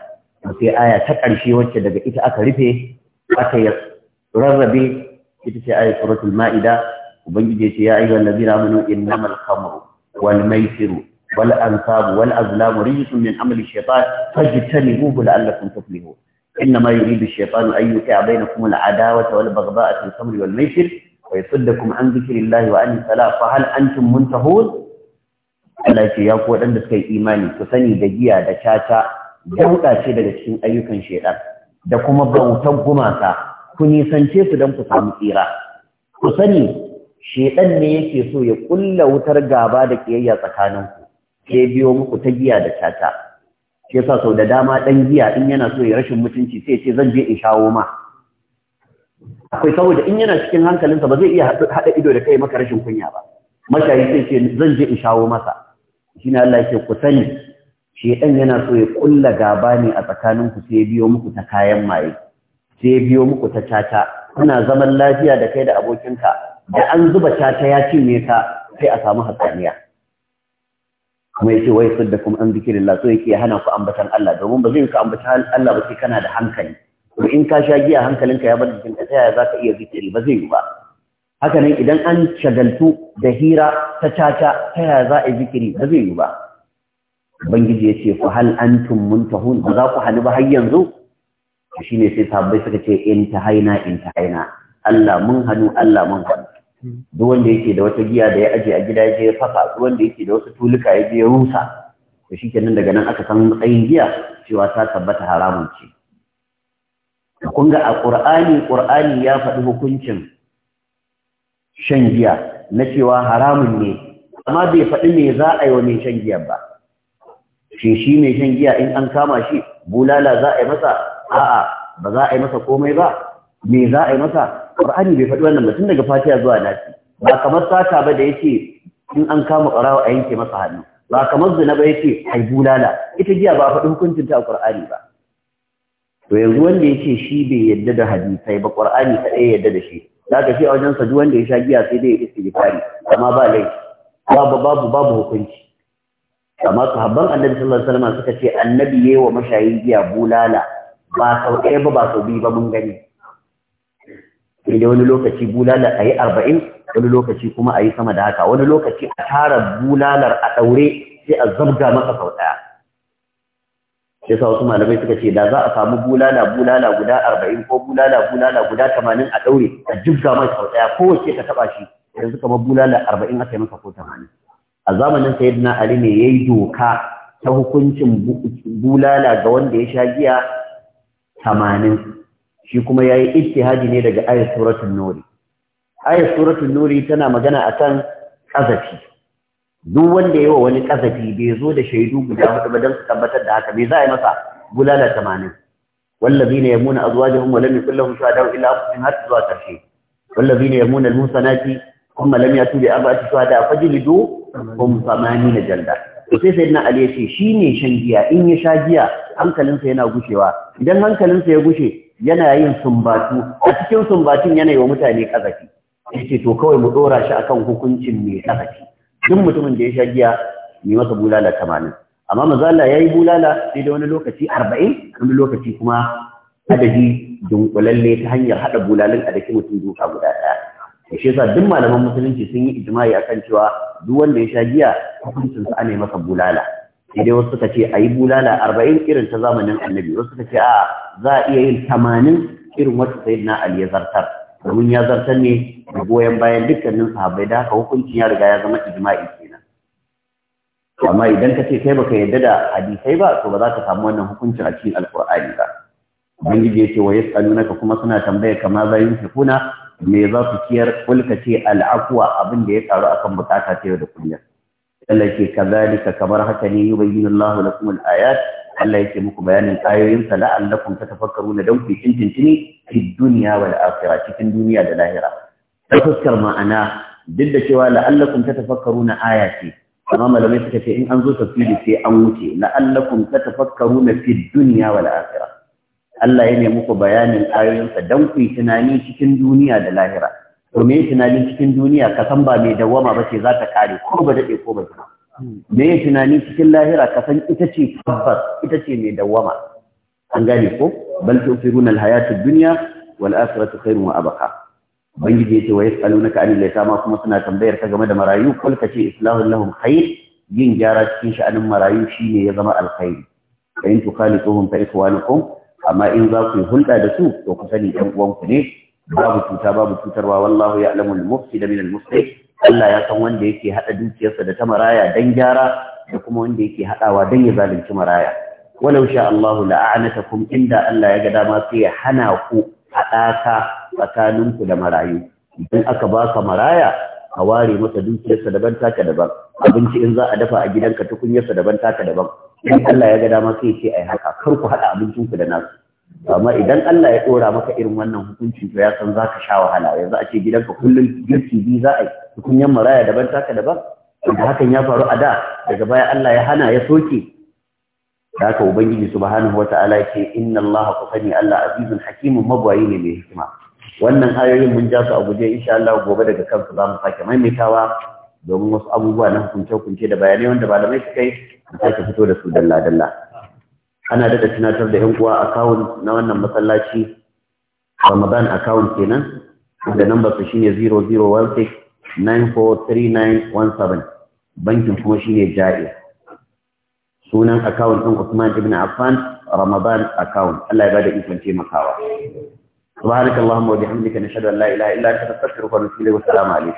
S1: sai aya ta ƙarshe wacce daga ita aka rufe aka rarrabe ita ce ayat suratul ma'ida ubangiji ce ya ayyuhal ladina amanu innamal khamru wal maisiru wal ansabu wal azlamu rijsun min amali shaytan fajtanibuhu la'allakum tuflihun إنما يريد الشيطان أن يوقع بينكم العداوة والبغضاء في الخمر والميسر ويصدكم عن ذكر الله وعن الصلاة فهل أنتم منتهون؟ Allah ce ya kuwa waɗanda suka yi imani ku sani da giya da caca da ce daga cikin ayyukan shaidan da kuma bautar gumaka ku nisance su don ku samu tsira ku sani shedan ne yake so ya ƙulla wutar gaba da ƙiyayya tsakaninku ke biyo muku ta giya da caca Ke sa sau da dama ɗan giya in yana so ya rashin mutunci sai ce zan je in shawo ma akwai saboda in yana cikin hankalinsa ba zai iya haɗa ido da kai maka rashin kunya ba mashayi sai ce zan je in shawo masa shine Allah ke ku sani shedan yana so ya ƙulla gaba ne a tsakaninku sai biyo muku ta kayan maye sai biyo muku ta caca kuna zaman lafiya da kai da abokinka da an zuba caca ya cinye ka sai a samu hasaniya kuma yace wai da kuma an zikrillah so yake hana ku ambatan Allah domin ba zai ka ambatan Allah ba sai kana da hankali to in ka sha giya hankalinka ya bar jikin ka ya za ka iya zikiri ba zai yi ba haka ne idan an shagaltu da hira ta caca ta yaya za a yi zikiri ba zai yi ba ubangiji ya ce ku hal antum muntahun ba za ku hali ba har yanzu shi ne sai sahabbai suka ce in ta haina in ta haina Allah mun hannu Allah mun hannu duk wanda yake da wata giya da ya aje a gida ya fafa duk wanda yake da wasu tuluka ya je ya rusa to shikenan daga nan aka san matsayin giya cewa ta tabbata haramun ce kun ga a ƙur'ani ƙur'ani ya faɗi hukuncin shan giya na cewa haramun ne amma bai faɗi me za a yi wa mai shan giya ba shi shi mai shan giya in an kama shi bulala za a yi masa a'a ba za a yi masa komai ba me za a yi masa qur'ani bai faɗi wannan tun daga fatiha zuwa nasi ba kamar sata ba da yake in an kama qarawa a yanke masa hannu ba kamar zina ba yake ai bulala ita giya ba faɗi hukuncin ta a qur'ani ba to yanzu wanda yake shi bai yadda da hadisai ba qur'ani kaɗai yadda da shi zaka shi a wajen sa duk wanda ya sha giya sai dai ya istighfari amma ba laifi babu babu babu hukunci amma sahabban annabi sallallahu alaihi wasallam suka ce annabi yayi wa mashayin giya bulala ba sau ɗaya ba ba sau biyu ba mun gani Inda da wani lokaci bulalar a yi arba'in wani lokaci kuma a yi sama da haka wani lokaci a tara bulalar a ɗaure sai a zabga masa sau ɗaya sai sa wasu malamai suka ce da za a samu bulala bulala guda arba'in ko bulala bulala guda tamanin a ɗaure a jibga masa sau ɗaya kowace ka taɓa shi yanzu kamar bulala arba'in aka yi masa ko tamanin a zamanin na ali ne ya yi doka ta hukuncin bulala ga wanda ya sha giya 80 shi kuma ya yayi ijtihadi ne daga ayat suratul nuri ayat suratul nuri tana magana akan ƙazafi. duk wanda yayi wa wani ƙazafi, bai zo da shaidu guda hudu ba dan su tabbatar da haka me za a yi masa bulala 80 wallazina yamuna azwajuhum wa lam yakul lahum shuhada illa anfusihim hatta zuwa karshe wallazina yamuna almusanati kuma a lam yatu bi arba'ati shuhada fajlidu hum 80 jalda to sai sayyidina ali ya ce shi ne shan giya in ya sha giya hankalinsa yana gushewa idan hankalinsa ya gushe yana yin sumbatu a cikin sumbatun yana yi wa mutane kazafi ya ce to kawai mu dora shi akan hukuncin mai kazafi duk mutumin da ya sha giya mai masa bulala tamanin amma mazala ya yi bulala sai da wani lokaci arba'in wani lokaci kuma adadi dunkulalle ta hanyar haɗa bulalin a daki mutum duka guda ɗaya shi yasa duk malaman musulunci sun yi ijma'i akan cewa duk wanda ya sha giya hukuncin sa ne masa bulala sai dai wasu suka ce ayi bulala 40 irin ta zamanin annabi wasu suka ce a za a iya yin 80 irin wata sayyidina ali ya zartar domin ya zartar ne da goyon bayan dukkanin sahabbai da haka hukuncin ya riga ya zama ijma'i kenan amma idan ka ce kai baka yarda da hadisai ba to ba za ka samu wannan hukuncin a cikin alqur'ani ba ubangiji ya ce wa yas'alunaka kuma suna tambayar kama za yunfikuna me za su ciyar kulka ce al'afwa abin da ya karu akan bukata ta yau da kullum Allah yake kazalika kamar haka ne yubayyinu Allahu lakum al-ayat Allah yake muku bayanin ayoyin sa la'allakum tatafakkaruna dan ku tintintini fi dunya wal akhirah cikin duniya da lahira ta fuskar ma'ana duk da cewa la'allakum tatafakkaruna aya ce amma malamai suka ce in an zo tafsiri sai an wuce la'allakum tatafakkaruna fi dunya wal akhirah Allah ya nemi ku bayanin ayoyinsa don ku yi tunani cikin duniya da lahira to me tunani cikin duniya ka san ba mai dawwama ba ce za ta kare ko ba daɗe ko ba jima me tunani cikin lahira ka san ita ce tabbas ita ce mai dawwama an gane ko bal tu'thiruna al-hayatid dunya wal akhiratu khairun wa abqa ubangiji yace wa yasalunaka anil yatama kuma suna tambayar ka game da marayu kul ka ce islahul lahum khair yin gyara cikin sha'anin marayu shine ya zama alkhairi kayin in tukhalituhum fa ikhwanukum amma in za ku yi hulɗa da su to ku sani ɗan uwanku ne babu cuta babu cutarwa wallahu ya alamu al-mufti da min al Allah ya san wanda yake hada dukiyarsa da ta maraya dan gyara da kuma wanda yake hadawa dan ya zalunci maraya walau sha Allahu la'anatakum inda Allah ya ga dama sai ya hana ku tsakanin tsakaninku da marayu idan aka baka maraya a ware masa dukiyarsa daban taka daban abinci in za a dafa a gidanka tukunyarsa daban taka daban in Allah ya ga dama sai ce ai haka kar ku haɗa abincin ku da nasu amma idan Allah ya ɗora maka irin wannan hukuncin to ya san za ka sha wahala yanzu a ce gidanka kullum girki biyu za a yi tukunyan maraya daban taka daban da hakan ya faru a da daga baya Allah ya hana ya soke da haka ubangiji subhanahu wata'ala yake inna Allah ku sani Allah azizun hakimun mabwayi ne mai hikima wannan ayoyin mun ja su a guje insha Allah gobe daga kansu za mu sake maimaitawa domin wasu abubuwa na hukunce-hukunce da bayanai wanda malamai suka yi da sake fito da su dalla-dalla ana daɗa tunatar da 'yan uwa akawun na wannan masallaci ramadan akawun kenan da nambar su shine 0016 943917 bankin kuma shine jaiz sunan akawun ɗin Usman ibn Affan Ramadan account Allah ya bada ikon taimakawa subhanakallahumma wa bihamdika nashhadu an la ilaha illa anta astaghfiruka wa atubu ilayk wa assalamu alaikum